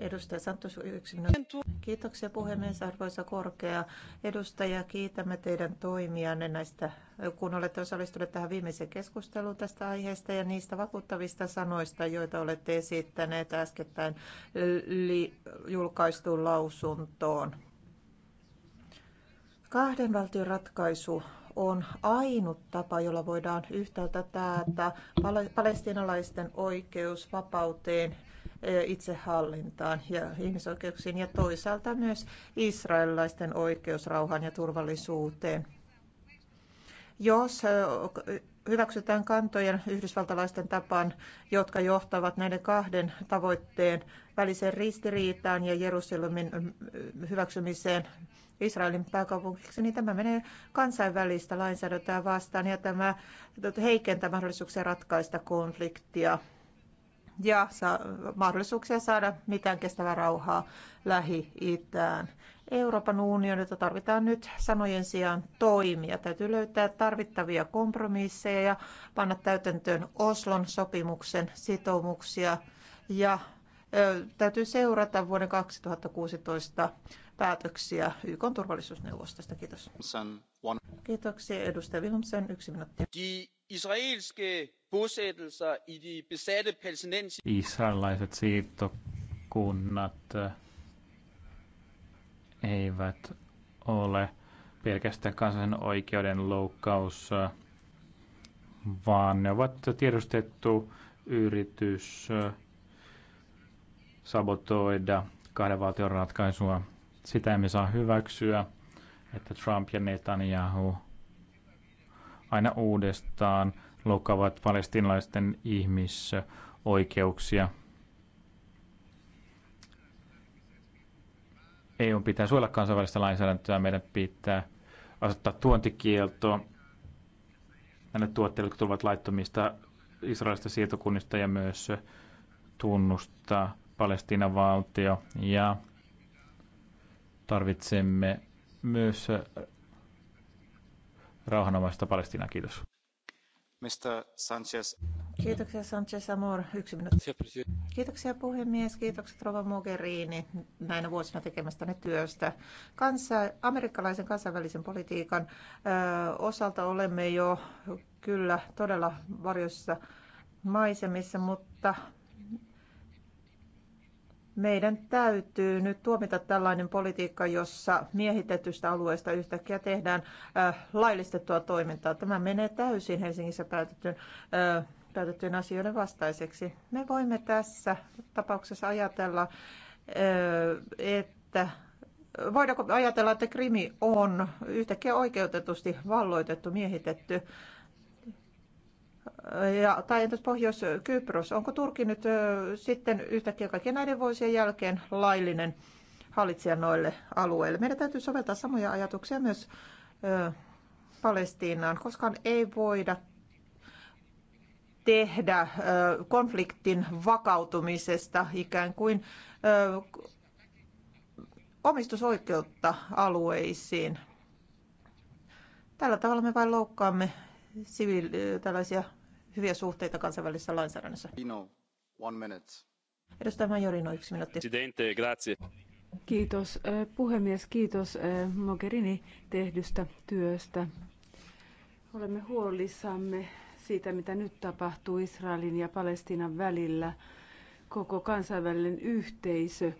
Edustaja Santos, yksi minuutti. Kiitoksia puhemies, arvoisa korkea edustaja. Kiitämme teidän toimianne näistä, kun olette osallistuneet tähän viimeiseen keskusteluun tästä aiheesta ja niistä vakuuttavista sanoista, joita olette esittäneet äskettäin li- julkaistuun lausuntoon. Kahden valtion ratkaisu on ainut tapa, jolla voidaan yhtäältä taata palestinalaisten oikeus vapauteen, e, itsehallintaan ja ihmisoikeuksiin ja toisaalta myös israelilaisten oikeus rauhaan ja turvallisuuteen. Jos e, hyväksytään kantojen yhdysvaltalaisten tapaan, jotka johtavat näiden kahden tavoitteen väliseen ristiriitaan ja Jerusalemin hyväksymiseen Israelin pääkaupunkiksi, niin tämä menee kansainvälistä lainsäädäntöä vastaan ja tämä heikentää mahdollisuuksia ratkaista konfliktia ja mahdollisuuksia saada mitään kestävää rauhaa Lähi-Itään. Euroopan unionilta tarvitaan nyt sanojen sijaan toimia. Täytyy löytää tarvittavia kompromisseja ja panna täytäntöön Oslon sopimuksen sitoumuksia ja täytyy seurata vuoden 2016 päätöksiä YK turvallisuusneuvostosta. Kiitos. Kiitoksia edustaja Wilmsen. Yksi minuutti. Israelilaiset siirtokunnat eh, eivät ole pelkästään kansan oikeuden loukkaus, eh, vaan ne ovat tiedostettu yritys eh, sabotoida kahden valtion ratkaisua sitä emme saa hyväksyä, että Trump ja Netanyahu aina uudestaan loukkaavat palestinalaisten ihmisoikeuksia. EU pitää suojella kansainvälistä lainsäädäntöä, meidän pitää asettaa tuontikielto näille tuotteille, jotka tulevat laittomista israelista siirtokunnista ja myös tunnustaa Palestiinan valtio ja Tarvitsemme myös rauhanomaista Palestiinaa Kiitos. Mr. Sanchez. Kiitoksia Sanchez Amor. Yksi minuutti. Kiitoksia puhemies, kiitokset Rova Mogherini näinä vuosina tekemästäne työstä. Kansa, amerikkalaisen kansainvälisen politiikan ö, osalta olemme jo kyllä todella varjoissa maisemissa, mutta meidän täytyy nyt tuomita tällainen politiikka, jossa miehitetystä alueesta yhtäkkiä tehdään äh, laillistettua toimintaa. Tämä menee täysin Helsingissä päätetyn äh, päätettyjen asioiden vastaiseksi. Me voimme tässä tapauksessa ajatella, äh, että voidaanko ajatella, että Krimi on yhtäkkiä oikeutetusti valloitettu, miehitetty ja, tai entäs Pohjois-Kypros? Onko Turkki nyt sitten yhtäkkiä kaikkien näiden vuosien jälkeen laillinen hallitsija noille alueille? Meidän täytyy soveltaa samoja ajatuksia myös Palestiinaan, koska ei voida tehdä konfliktin vakautumisesta ikään kuin omistusoikeutta alueisiin. Tällä tavalla me vain loukkaamme siviil, tällaisia hyviä suhteita kansainvälisessä lainsäädännössä.Ino, one minute. Edustaja Majorino, yksi minuutti. Presidente, grazie. Kiitos puhemies, kiitos Mogherini tehdystä työstä. Olemme huolissamme siitä, mitä nyt tapahtuu Israelin ja Palestiinan välillä. Koko kansainvälinen yhteisö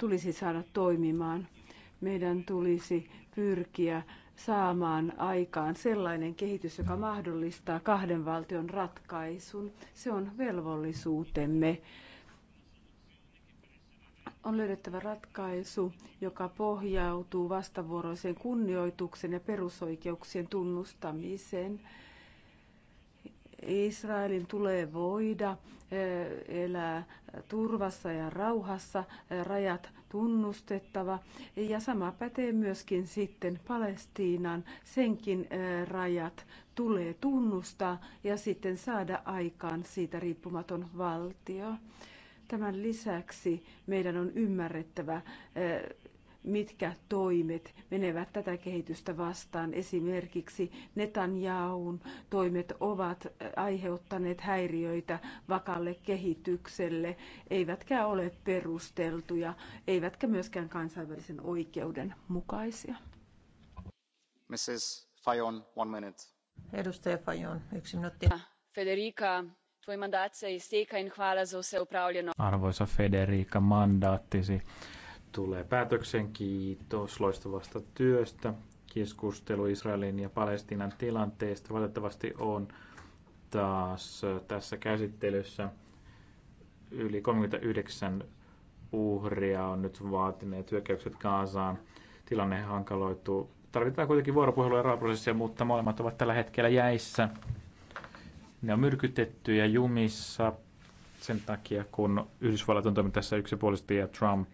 tulisi saada toimimaan. Meidän tulisi pyrkiä saamaan aikaan sellainen kehitys, joka mahdollistaa kahden valtion ratkaisun. Se on velvollisuutemme. On löydettävä ratkaisu, joka pohjautuu vastavuoroiseen kunnioituksen ja perusoikeuksien tunnustamiseen. Israelin tulee voida eh, elää turvassa ja rauhassa, eh, rajat tunnustettava. Ja sama pätee myöskin sitten Palestiinan. Senkin rajat tulee tunnustaa ja sitten saada aikaan siitä riippumaton valtio. Tämän lisäksi meidän on ymmärrettävä mitkä toimet menevät tätä kehitystä vastaan. Esimerkiksi Netanjaun toimet ovat aiheuttaneet häiriöitä vakalle kehitykselle, eivätkä ole perusteltuja, eivätkä myöskään kansainvälisen oikeuden mukaisia. Mrs. Fajon, one minute. Edustaja Fajon, yksi minuutti. Federica, tvoj mandat se izteka hvala Arvoisa Federica, mandaattisi tulee päätöksen. Kiitos loistavasta työstä. Keskustelu Israelin ja Palestiinan tilanteesta valitettavasti on taas tässä käsittelyssä yli 39 uhria on nyt vaatineet hyökkäykset Gaasaan. Tilanne hankaloituu. Tarvitaan kuitenkin vuoropuhelua ja rauhaprosessia, mutta molemmat ovat tällä hetkellä jäissä. Ne on myrkytetty ja jumissa sen takia, kun Yhdysvallat on toiminut tässä yksipuolisesti ja Trump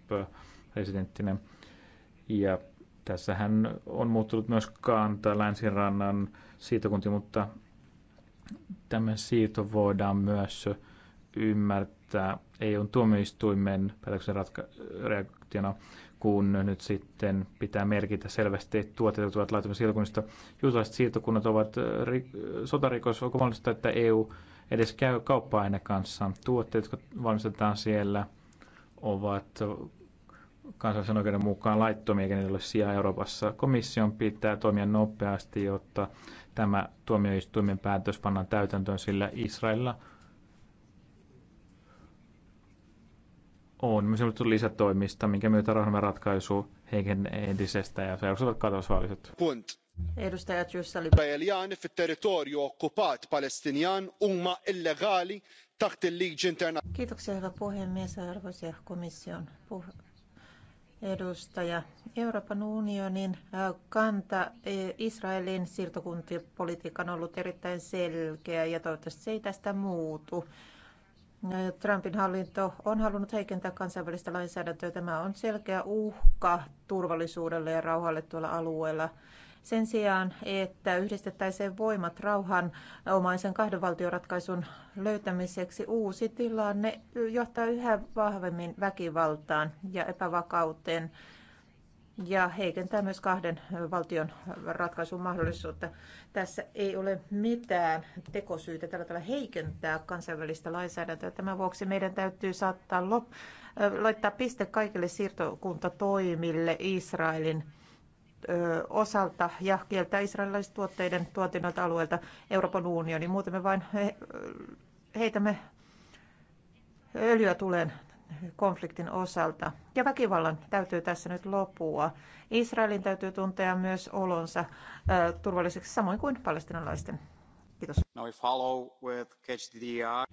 presidenttinä. Ja tässähän on muuttunut myös kanta länsirannan siirtokunti, mutta tämä siirto voidaan myös ymmärtää eu tuomioistuimen päätöksen ratka- reaktiona, kun nyt sitten pitää merkitä selvästi, että tuotteet tulevat laitumisen siirtokunnista. Juutalaiset siirtokunnat ovat ri- sotarikos. Onko mahdollista, että EU edes käy kauppaa aina kanssa? Tuotteet, jotka valmistetaan siellä, ovat kansallisen oikeuden mukaan laittomia, kenellä niillä ole sijaa Euroopassa. Komission pitää toimia nopeasti, jotta tämä tuomioistuimen päätös pannaan täytäntöön, sillä Israelilla on myös ollut lisätoimista, minkä myötä rauhanvälinen ratkaisu heikenee entisestä ja seuraavat katosvaaliset. Punt. Edustaja Jussali. Israeliani että territorio okkupat palestinian, umma illegaali, tahti il Kiitoksia hyvä puhemies ja arvoisia komission puh- edustaja. Euroopan unionin kanta Israelin siirtokuntipolitiikka on ollut erittäin selkeä ja toivottavasti se ei tästä muutu. Trumpin hallinto on halunnut heikentää kansainvälistä lainsäädäntöä. Tämä on selkeä uhka turvallisuudelle ja rauhalle tuolla alueella sen sijaan, että yhdistettäisiin voimat rauhanomaisen valtioratkaisun löytämiseksi, uusi tilanne johtaa yhä vahvemmin väkivaltaan ja epävakauteen ja heikentää myös kahden valtion ratkaisun mahdollisuutta. Tässä ei ole mitään tekosyytä tällä tavalla heikentää kansainvälistä lainsäädäntöä. Tämän vuoksi meidän täytyy saattaa lop- laittaa piste kaikille siirtokuntatoimille Israelin osalta ja kieltää israelilaistuotteiden tuonti noilta alueilta Euroopan unioniin. Muuten me vain heitämme öljyä tuleen konfliktin osalta. Ja väkivallan täytyy tässä nyt lopua. Israelin täytyy tuntea myös olonsa turvalliseksi, samoin kuin palestinalaisten. Kiitos. Now follow with catch the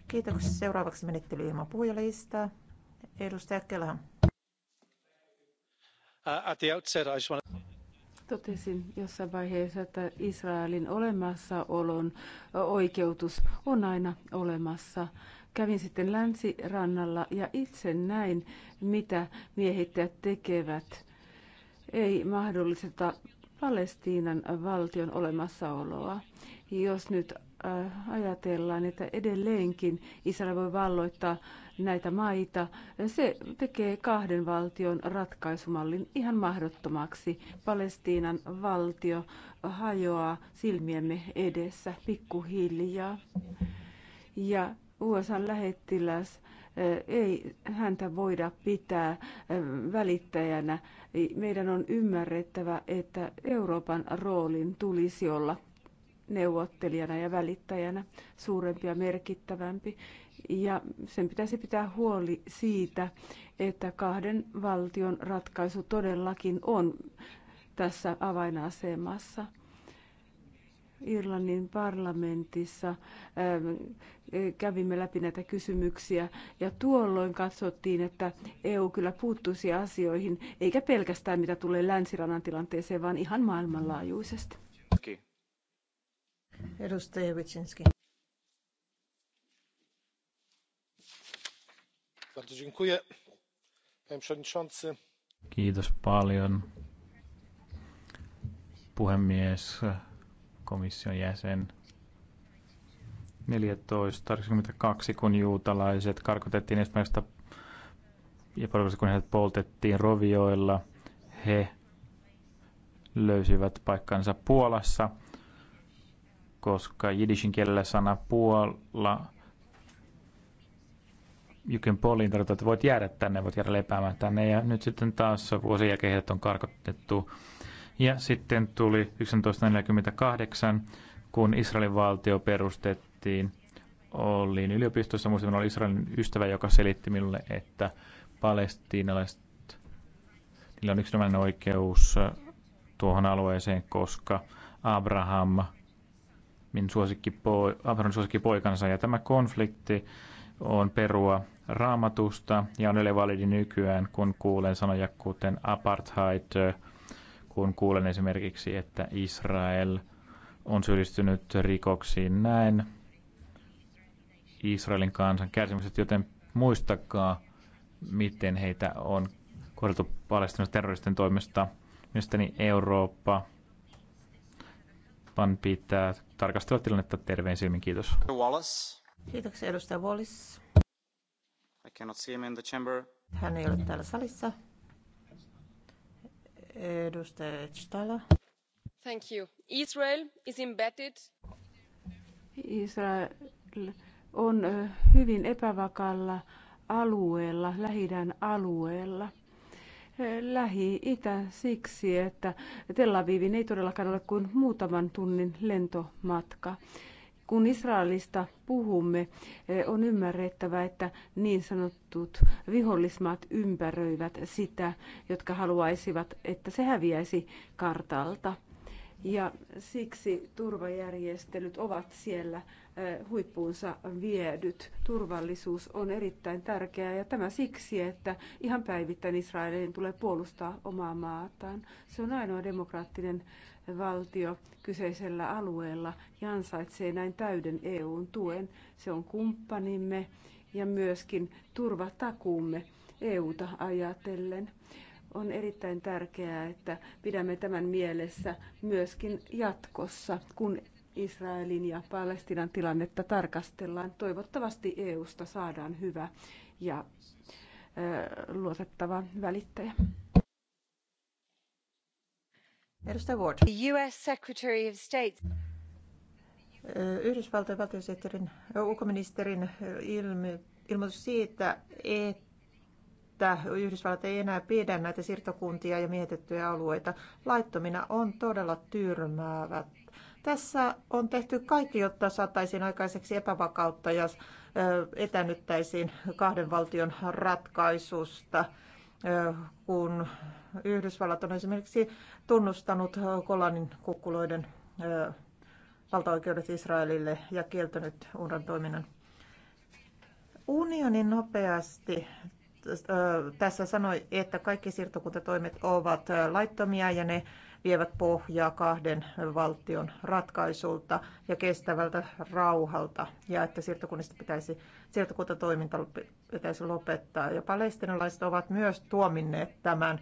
Kiitoksia. Seuraavaksi menettely ilman puhujalistaa. Edustaja Kelahan. Uh, at the outset, I just want... Totesin jossain vaiheessa, että Israelin olemassaolon oikeutus on aina olemassa. Kävin sitten länsirannalla ja itse näin, mitä miehittäjät tekevät. Ei mahdollista Palestiinan valtion olemassaoloa. Jos nyt ajatellaan, että edelleenkin Israel voi valloittaa näitä maita, se tekee kahden valtion ratkaisumallin ihan mahdottomaksi. Palestiinan valtio hajoaa silmiemme edessä pikkuhiljaa. Ja USA lähettiläs ei häntä voida pitää välittäjänä. Meidän on ymmärrettävä, että Euroopan roolin tulisi olla neuvottelijana ja välittäjänä suurempi ja merkittävämpi. Ja sen pitäisi pitää huoli siitä, että kahden valtion ratkaisu todellakin on tässä avainasemassa. Irlannin parlamentissa ähm, kävimme läpi näitä kysymyksiä ja tuolloin katsottiin, että EU kyllä puuttuisi asioihin, eikä pelkästään mitä tulee länsirannan tilanteeseen, vaan ihan maailmanlaajuisesti. Kiitos. Edustaja Wyczynski. Bardzo dziękuję, panie przewodniczący. Kiitos paljon, puhemies, komission jäsen. 14.82, kun juutalaiset karkotettiin ensimmäistä ja paljon, kun heidät poltettiin rovioilla, he löysivät paikkansa Puolassa – koska jidishin kielellä sana puolla Jyken poliin tarkoittaa, että voit jäädä tänne, voit jäädä lepäämään tänne. Ja nyt sitten taas vuosien jälkeen heidät on karkotettu. Ja sitten tuli 1948, kun Israelin valtio perustettiin. Olin yliopistossa, muistin, että oli Israelin ystävä, joka selitti minulle, että palestiinalaiset, niillä on yksinomainen oikeus tuohon alueeseen, koska Abraham Min suosikki, Abhamin suosikki poikansa. Ja tämä konflikti on perua raamatusta ja on elevalidi nykyään, kun kuulen sanoja kuten apartheid, kun kuulen esimerkiksi, että Israel on syyllistynyt rikoksiin näin. Israelin kansan kärsimykset, joten muistakaa, miten heitä on kohdeltu paljastunut terroristen toimesta. Mielestäni Eurooppa pitää tarkastella tilannetta terveen silmin. Kiitos. Wallace. Kiitoksia edustaja Wallis. I cannot see him in the chamber. Hän ei ole täällä salissa. Edustaja Chtala. Thank you. Israel is embedded. Israel on hyvin epävakalla alueella, lähidän alueella – Lähi-Itä siksi, että Tel Avivin ei todellakaan ole kuin muutaman tunnin lentomatka. Kun Israelista puhumme, eh, on ymmärrettävä, että niin sanotut vihollismaat ympäröivät sitä, jotka haluaisivat, että se häviäisi kartalta. Ja siksi turvajärjestelyt ovat siellä huippuunsa viedyt. Turvallisuus on erittäin tärkeää ja tämä siksi, että ihan päivittäin Israelin tulee puolustaa omaa maataan. Se on ainoa demokraattinen valtio kyseisellä alueella ja ansaitsee näin täyden EUn tuen. Se on kumppanimme ja myöskin turvatakuumme EUta ajatellen on erittäin tärkeää, että pidämme tämän mielessä myöskin jatkossa, kun Israelin ja Palestinan tilannetta tarkastellaan. Toivottavasti EUsta saadaan hyvä ja luotettava välittäjä. Edustaja Ward. US Secretary of State. Yhdysvaltojen valtiosihteerin ulkoministerin ilmi, ilmoitus siitä, että Yhdysvallat ei enää pidä näitä siirtokuntia ja mietettyjä alueita laittomina on todella tyrmäävä tässä on tehty kaikki, jotta saataisiin aikaiseksi epävakautta ja etänyttäisiin kahden valtion ratkaisusta, kun Yhdysvallat on esimerkiksi tunnustanut Kolanin kukkuloiden valtaoikeudet Israelille ja kieltänyt UNRWAn toiminnan. Unioni nopeasti tässä sanoi, että kaikki siirtokuntatoimet ovat laittomia ja ne vievät pohjaa kahden valtion ratkaisulta ja kestävältä rauhalta ja että siirtokunnista pitäisi, siirtokuntatoiminta pitäisi lopettaa. Ja palestinalaiset ovat myös tuominneet tämän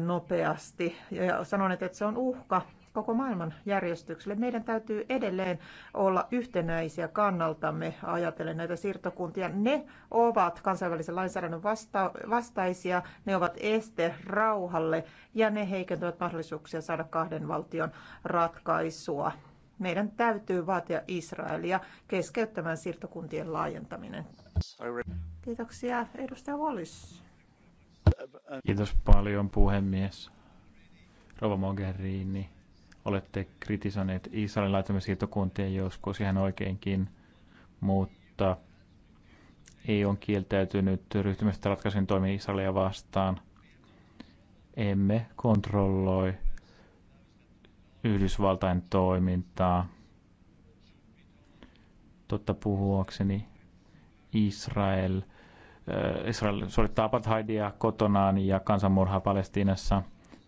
nopeasti ja sanoneet, että se on uhka koko maailman järjestykselle. Meidän täytyy edelleen olla yhtenäisiä kannaltamme ajatellen näitä siirtokuntia. Ne ovat kansainvälisen lainsäädännön vasta- vastaisia, ne ovat este rauhalle ja ne heikentävät mahdollisuuksia saada kahden valtion ratkaisua. Meidän täytyy vaatia Israelia keskeyttämään siirtokuntien laajentaminen. Kiitoksia, edustaja Wallis. Kiitos paljon, puhemies. Rova Mogherini olette kritisoineet Israelin laittamia siirtokuntia joskus ihan oikeinkin, mutta ei on kieltäytynyt ryhtymästä ratkaisun toimia Israelia vastaan. Emme kontrolloi Yhdysvaltain toimintaa. Totta puhuakseni Israel, äh, Israel suorittaa apartheidia kotonaan ja kansanmurhaa Palestiinassa –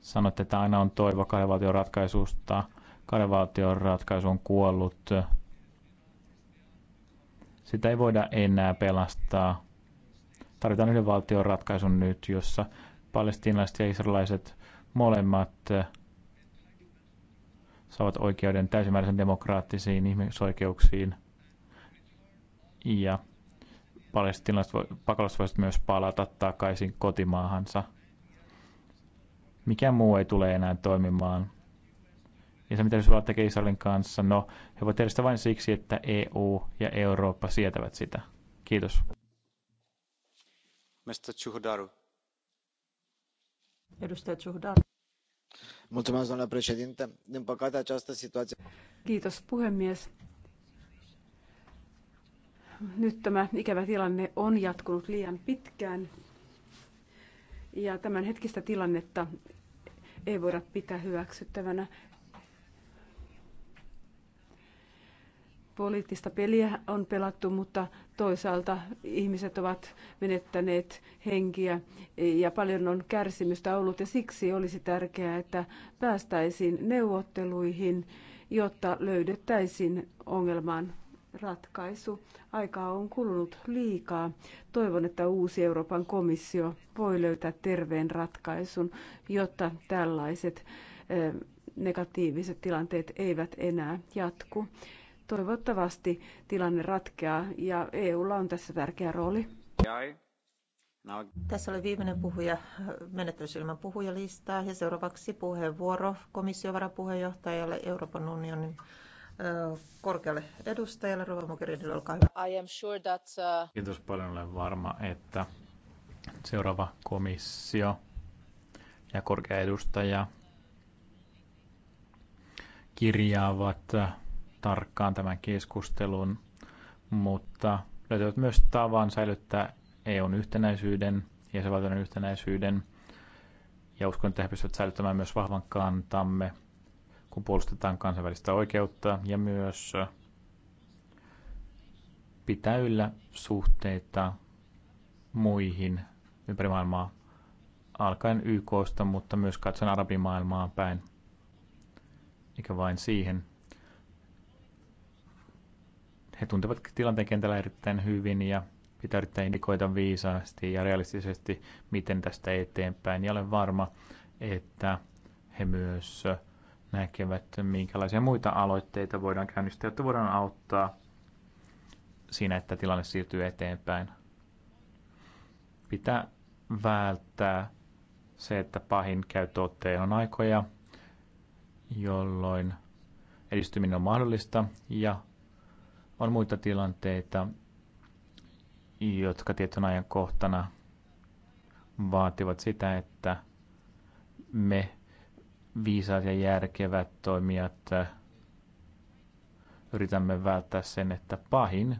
Sanoitte, että aina on toivo kahden ratkaisusta. Kahden ratkaisu on kuollut. Sitä ei voida enää pelastaa. Tarvitaan yhden valtion ratkaisun nyt, jossa palestiinalaiset ja israelaiset molemmat saavat oikeuden täysimääräisen demokraattisiin ihmisoikeuksiin. Ja palestinalaiset pakolaiset voisivat myös palata takaisin kotimaahansa – Mikään muu ei tule enää toimimaan. Ja se, mitä Yhdysvallat tekee Israelin kanssa, no, he voivat tehdä sitä vain siksi, että EU ja Eurooppa sietävät sitä. Kiitos. Mr. Chuhdaru. Edustaja Chuhdaru. Mulțumesc, doamnă președinte. Din păcate, această situație... Kiitos, puhemies. Nyt tämä ikävä tilanne on jatkunut liian pitkään. Ja tämän hetkistä tilannetta ei voida pitää hyväksyttävänä. Poliittista peliä on pelattu, mutta toisaalta ihmiset ovat menettäneet henkiä ja paljon on kärsimystä ollut ja siksi olisi tärkeää, että päästäisiin neuvotteluihin, jotta löydettäisiin ongelmaan ratkaisu. Aikaa on kulunut liikaa. Toivon, että uusi Euroopan komissio voi löytää terveen ratkaisun, jotta tällaiset negatiiviset tilanteet eivät enää jatku. Toivottavasti tilanne ratkeaa ja EUlla on tässä tärkeä rooli. Tässä oli viimeinen puhuja menettelyssä puhujalistaa ja seuraavaksi puheenvuoro komissiovarapuheenjohtajalle Euroopan unionin korkealle edustajalle. Rova Mogherinille, olkaa hyvä. I am sure that, uh... Kiitos paljon. Olen varma, että seuraava komissio ja korkea edustaja kirjaavat tarkkaan tämän keskustelun, mutta löytävät myös tavan säilyttää EUn yhtenäisyyden, jäsenvaltioiden yhtenäisyyden, ja uskon, että he pystyvät säilyttämään myös vahvan kantamme – kun puolustetaan kansainvälistä oikeutta ja myös pitää yllä suhteita muihin ympäri maailmaa alkaen YKsta, mutta myös katson arabimaailmaa päin, eikä vain siihen. He tuntevat tilanteen kentällä erittäin hyvin ja pitää yrittää indikoida viisaasti ja realistisesti, miten tästä eteenpäin. Ja olen varma, että he myös näkevät, minkälaisia muita aloitteita voidaan käynnistää, jotta voidaan auttaa siinä, että tilanne siirtyy eteenpäin. Pitää välttää se, että pahin käy on aikoja, jolloin edistyminen on mahdollista ja on muita tilanteita, jotka tietyn ajan kohtana vaativat sitä, että me viisaat ja järkevät toimijat yritämme välttää sen, että pahin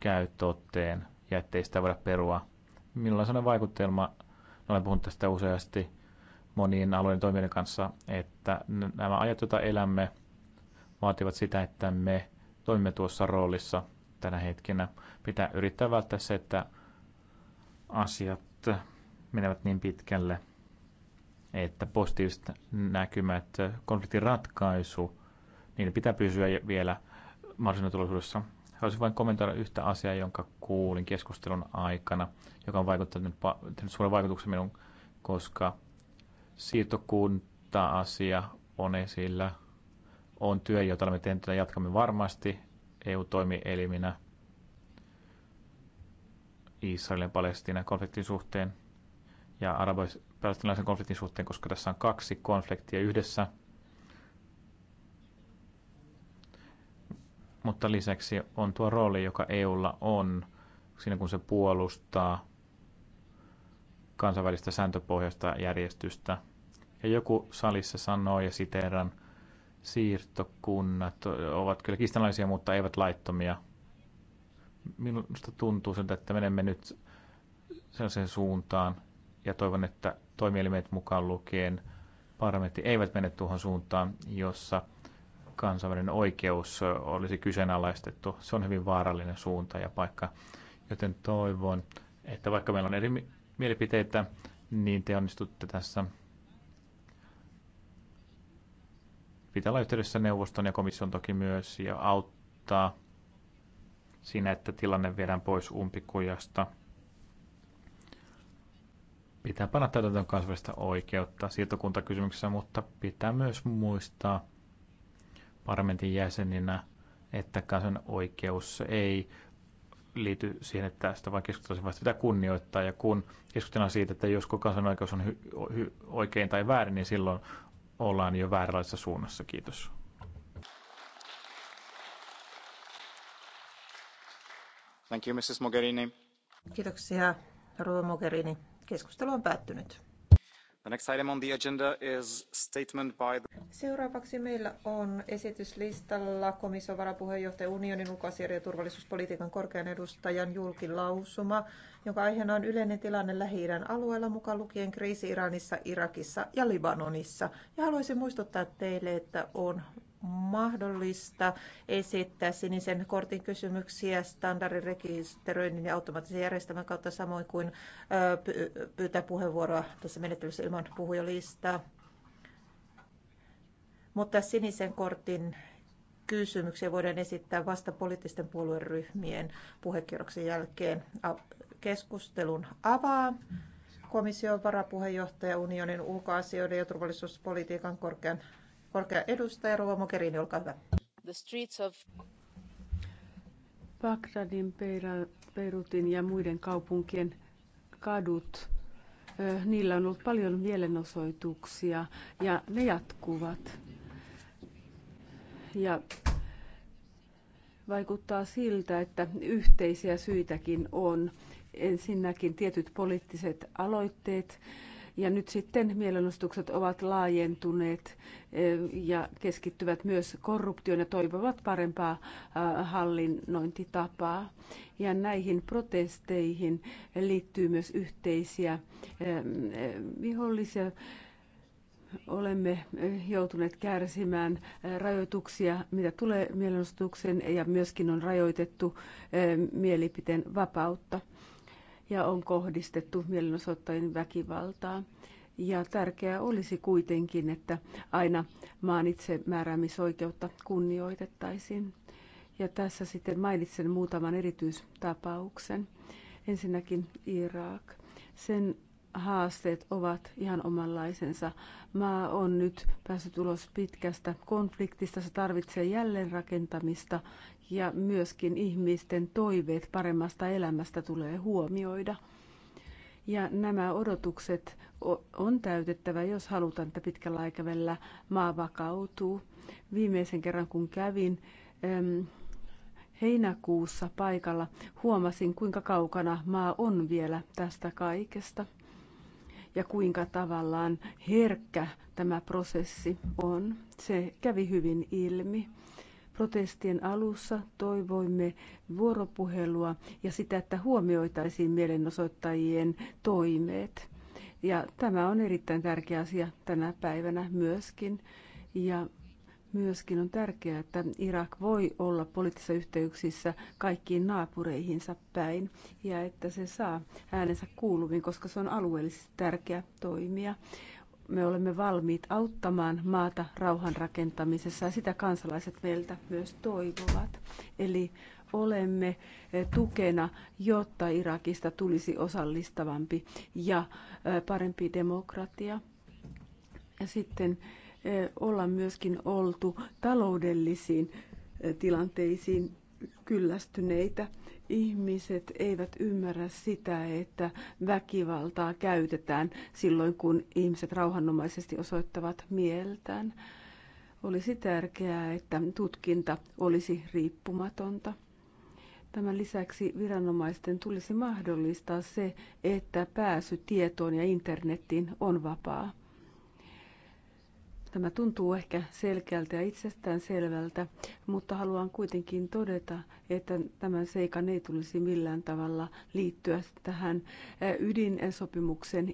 käy totteen ja ettei sitä voida perua. Millaisena on vaikutelma, olen puhunut tästä useasti monien alueiden toimijoiden kanssa, että nämä ajat, joita elämme, vaativat sitä, että me toimimme tuossa roolissa tänä hetkenä. Pitää yrittää välttää se, että asiat menevät niin pitkälle, että positiiviset näkymät, konfliktin ratkaisu, niin pitää pysyä vielä mahdollisena tulosuudessa. Haluaisin vain kommentoida yhtä asiaa, jonka kuulin keskustelun aikana, joka on vaikuttanut tehnyt suuren vaikutuksen minun, koska siirtokunta-asia on esillä, on työ, jota olemme tehneet jatkamme varmasti EU-toimieliminä Israelin Palestiinan konfliktin suhteen ja palestinaisen konfliktin suhteen, koska tässä on kaksi konfliktia yhdessä. Mutta lisäksi on tuo rooli, joka EUlla on siinä, kun se puolustaa kansainvälistä sääntöpohjaista järjestystä. Ja joku salissa sanoi, ja siteeran, siirtokunnat ovat kyllä kiistanlaisia, mutta eivät laittomia. Minusta tuntuu siltä, että menemme nyt sellaiseen suuntaan, ja toivon, että toimielimet mukaan lukien parlamentti eivät mene tuohon suuntaan, jossa kansainvälinen oikeus olisi kyseenalaistettu. Se on hyvin vaarallinen suunta ja paikka, joten toivon, että vaikka meillä on eri mielipiteitä, niin te onnistutte tässä pitää olla yhteydessä neuvoston ja komission toki myös ja auttaa siinä, että tilanne viedään pois umpikujasta pitää panna täytäntöön kansainvälistä oikeutta siirtokuntakysymyksessä, mutta pitää myös muistaa parlamentin jäseninä, että kansan oikeus ei liity siihen, että sitä vain keskustellaan, vaan sitä kunnioittaa. Ja kun keskustellaan siitä, että josko oikeus on hy- hy- oikein tai väärin, niin silloin ollaan jo vääränlaisessa suunnassa. Kiitos. Thank you, Mrs. Mogherini. Kiitoksia, Rova Mogherini. Keskustelu on päättynyt. The next item on the agenda is statement by the... Seuraavaksi meillä on esityslistalla komission varapuheenjohtaja unionin ulkoasian ja turvallisuuspolitiikan korkean edustajan julkilausuma, jonka aiheena on yleinen tilanne lähi alueella mukaan lukien kriisi Iranissa, Irakissa ja Libanonissa. Ja haluaisin muistuttaa teille, että on mahdollista esittää sinisen kortin kysymyksiä standardirekisteröinnin ja automaattisen järjestelmän kautta, samoin kuin pyytää puheenvuoroa tässä menettelyssä ilman puhujalistaa. Mutta sinisen kortin kysymyksiä voidaan esittää vasta poliittisten puolueryhmien puhekierroksen jälkeen. Keskustelun avaa komission varapuheenjohtaja unionin ulkoasioiden ja turvallisuuspolitiikan korkean korkea edustaja Rova Mogherini, olkaa hyvä. The streets of... Bagdadin, Beirutin ja muiden kaupunkien kadut, niillä on ollut paljon mielenosoituksia ja ne jatkuvat. Ja vaikuttaa siltä, että yhteisiä syitäkin on. Ensinnäkin tietyt poliittiset aloitteet, ja nyt sitten mielenostukset ovat laajentuneet eh, ja keskittyvät myös korruptioon ja toivovat parempaa eh, hallinnointitapaa. Ja näihin protesteihin liittyy myös yhteisiä eh, vihollisia olemme joutuneet kärsimään rajoituksia, mitä tulee mielenosoitukseen, ja myöskin on rajoitettu mielipiteen vapautta ja on kohdistettu mielenosoittajien väkivaltaa. Ja tärkeää olisi kuitenkin, että aina maan itsemääräämisoikeutta kunnioitettaisiin. Ja tässä sitten mainitsen muutaman erityistapauksen. Ensinnäkin Irak. Sen haasteet ovat ihan omanlaisensa. Maa on nyt päässyt ulos pitkästä konfliktista, se tarvitsee jälleenrakentamista ja myöskin ihmisten toiveet paremmasta elämästä tulee huomioida. Ja nämä odotukset on täytettävä, jos halutaan, että pitkällä aikavälillä maa vakautuu. Viimeisen kerran kun kävin, heinäkuussa paikalla huomasin, kuinka kaukana maa on vielä tästä kaikesta ja kuinka tavallaan herkkä tämä prosessi on. Se kävi hyvin ilmi. Protestien alussa toivoimme vuoropuhelua ja sitä, että huomioitaisiin mielenosoittajien toimeet. Ja tämä on erittäin tärkeä asia tänä päivänä myöskin. Ja Myöskin on tärkeää, että Irak voi olla poliittisissa yhteyksissä kaikkiin naapureihinsa päin ja että se saa äänensä kuuluviin, koska se on alueellisesti tärkeä toimija. Me olemme valmiit auttamaan maata rauhan rakentamisessa ja sitä kansalaiset meiltä myös toivovat. Eli olemme eh, tukena, jotta Irakista tulisi osallistavampi ja eh, parempi demokratia. Ja sitten olla myöskin oltu taloudellisiin tilanteisiin kyllästyneitä. Ihmiset eivät ymmärrä sitä, että väkivaltaa käytetään silloin, kun ihmiset rauhanomaisesti osoittavat mieltään. Olisi tärkeää, että tutkinta olisi riippumatonta. Tämän lisäksi viranomaisten tulisi mahdollistaa se, että pääsy tietoon ja internettiin on vapaa Tämä tuntuu ehkä selkeältä ja itsestään selvältä, mutta haluan kuitenkin todeta, että tämän seikan ei tulisi millään tavalla liittyä tähän eh, ydinsopimuksen